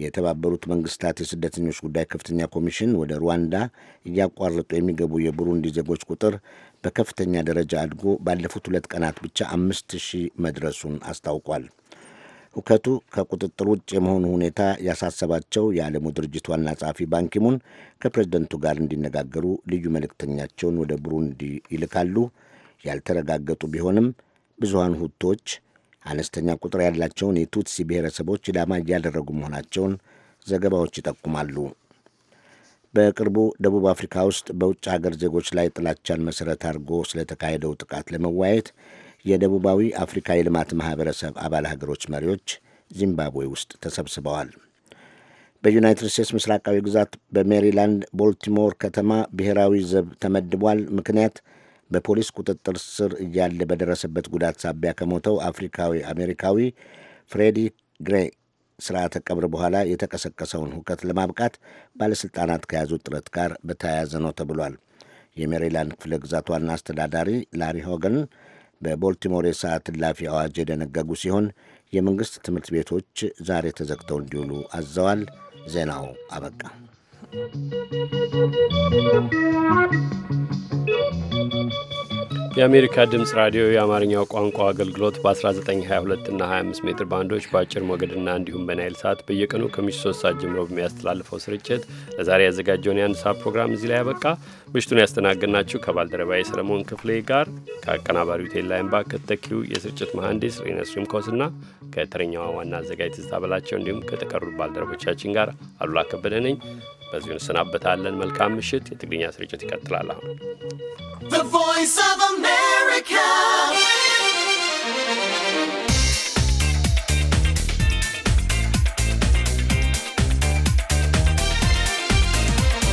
D: የተባበሩት መንግስታት የስደተኞች ጉዳይ ከፍተኛ ኮሚሽን ወደ ሩዋንዳ እያቋረጡ የሚገቡ የቡሩንዲ ዜጎች ቁጥር በከፍተኛ ደረጃ አድጎ ባለፉት ሁለት ቀናት ብቻ አምስት ሺህ መድረሱን አስታውቋል። ሁከቱ ከቁጥጥር ውጭ የመሆኑ ሁኔታ ያሳሰባቸው የዓለሙ ድርጅት ዋና ጸሐፊ ባንኪሙን ከፕሬዝደንቱ ጋር እንዲነጋገሩ ልዩ መልእክተኛቸውን ወደ ቡሩንዲ ይልካሉ። ያልተረጋገጡ ቢሆንም ብዙሀን ሁቶች አነስተኛ ቁጥር ያላቸውን የቱትሲ ብሔረሰቦች ኢላማ እያደረጉ መሆናቸውን ዘገባዎች ይጠቁማሉ። በቅርቡ ደቡብ አፍሪካ ውስጥ በውጭ ሀገር ዜጎች ላይ ጥላቻን መሠረት አድርጎ ስለተካሄደው ጥቃት ለመወያየት የደቡባዊ አፍሪካ የልማት ማህበረሰብ አባል ሀገሮች መሪዎች ዚምባብዌ ውስጥ ተሰብስበዋል። በዩናይትድ ስቴትስ ምስራቃዊ ግዛት በሜሪላንድ ቦልቲሞር ከተማ ብሔራዊ ዘብ ተመድቧል። ምክንያት በፖሊስ ቁጥጥር ስር እያለ በደረሰበት ጉዳት ሳቢያ ከሞተው አፍሪካዊ አሜሪካዊ ፍሬዲ ግሬ ስርዓተ ቀብር በኋላ የተቀሰቀሰውን ሁከት ለማብቃት ባለሥልጣናት ከያዙ ጥረት ጋር በተያያዘ ነው ተብሏል። የሜሪላንድ ክፍለ ግዛት ዋና አስተዳዳሪ ላሪ ሆገን በቦልቲሞር የሰዓት እላፊ አዋጅ የደነገጉ ሲሆን የመንግሥት ትምህርት ቤቶች ዛሬ ተዘግተው እንዲውሉ አዘዋል። ዜናው አበቃ። የአሜሪካ
A: ድምፅ ራዲዮ የአማርኛው ቋንቋ አገልግሎት በ1922 እና 25 ሜትር ባንዶች በአጭር ሞገድና እንዲሁም በናይል ሰዓት በየቀኑ ከምሽቱ 3 ሰዓት ጀምሮ በሚያስተላልፈው ስርጭት ለዛሬ ያዘጋጀውን የአንድ ሰዓት ፕሮግራም እዚህ ላይ ያበቃ። ምሽቱን ያስተናገድናችሁ ከባልደረባዬ ሰለሞን ክፍሌ ጋር ከአቀናባሪው ቴላይምባ ከተኪው የስርጭት መሐንዲስ ሬነስ ሪምኮስና ከተረኛዋ ዋና አዘጋጅ ትዝታ በላቸው እንዲሁም ከተቀሩ ባልደረቦቻችን ጋር አሉላ ከበደ ነኝ። በዚሁ እንሰናበታለን። መልካም ምሽት። የትግርኛ ስርጭት ይቀጥላል። አሁን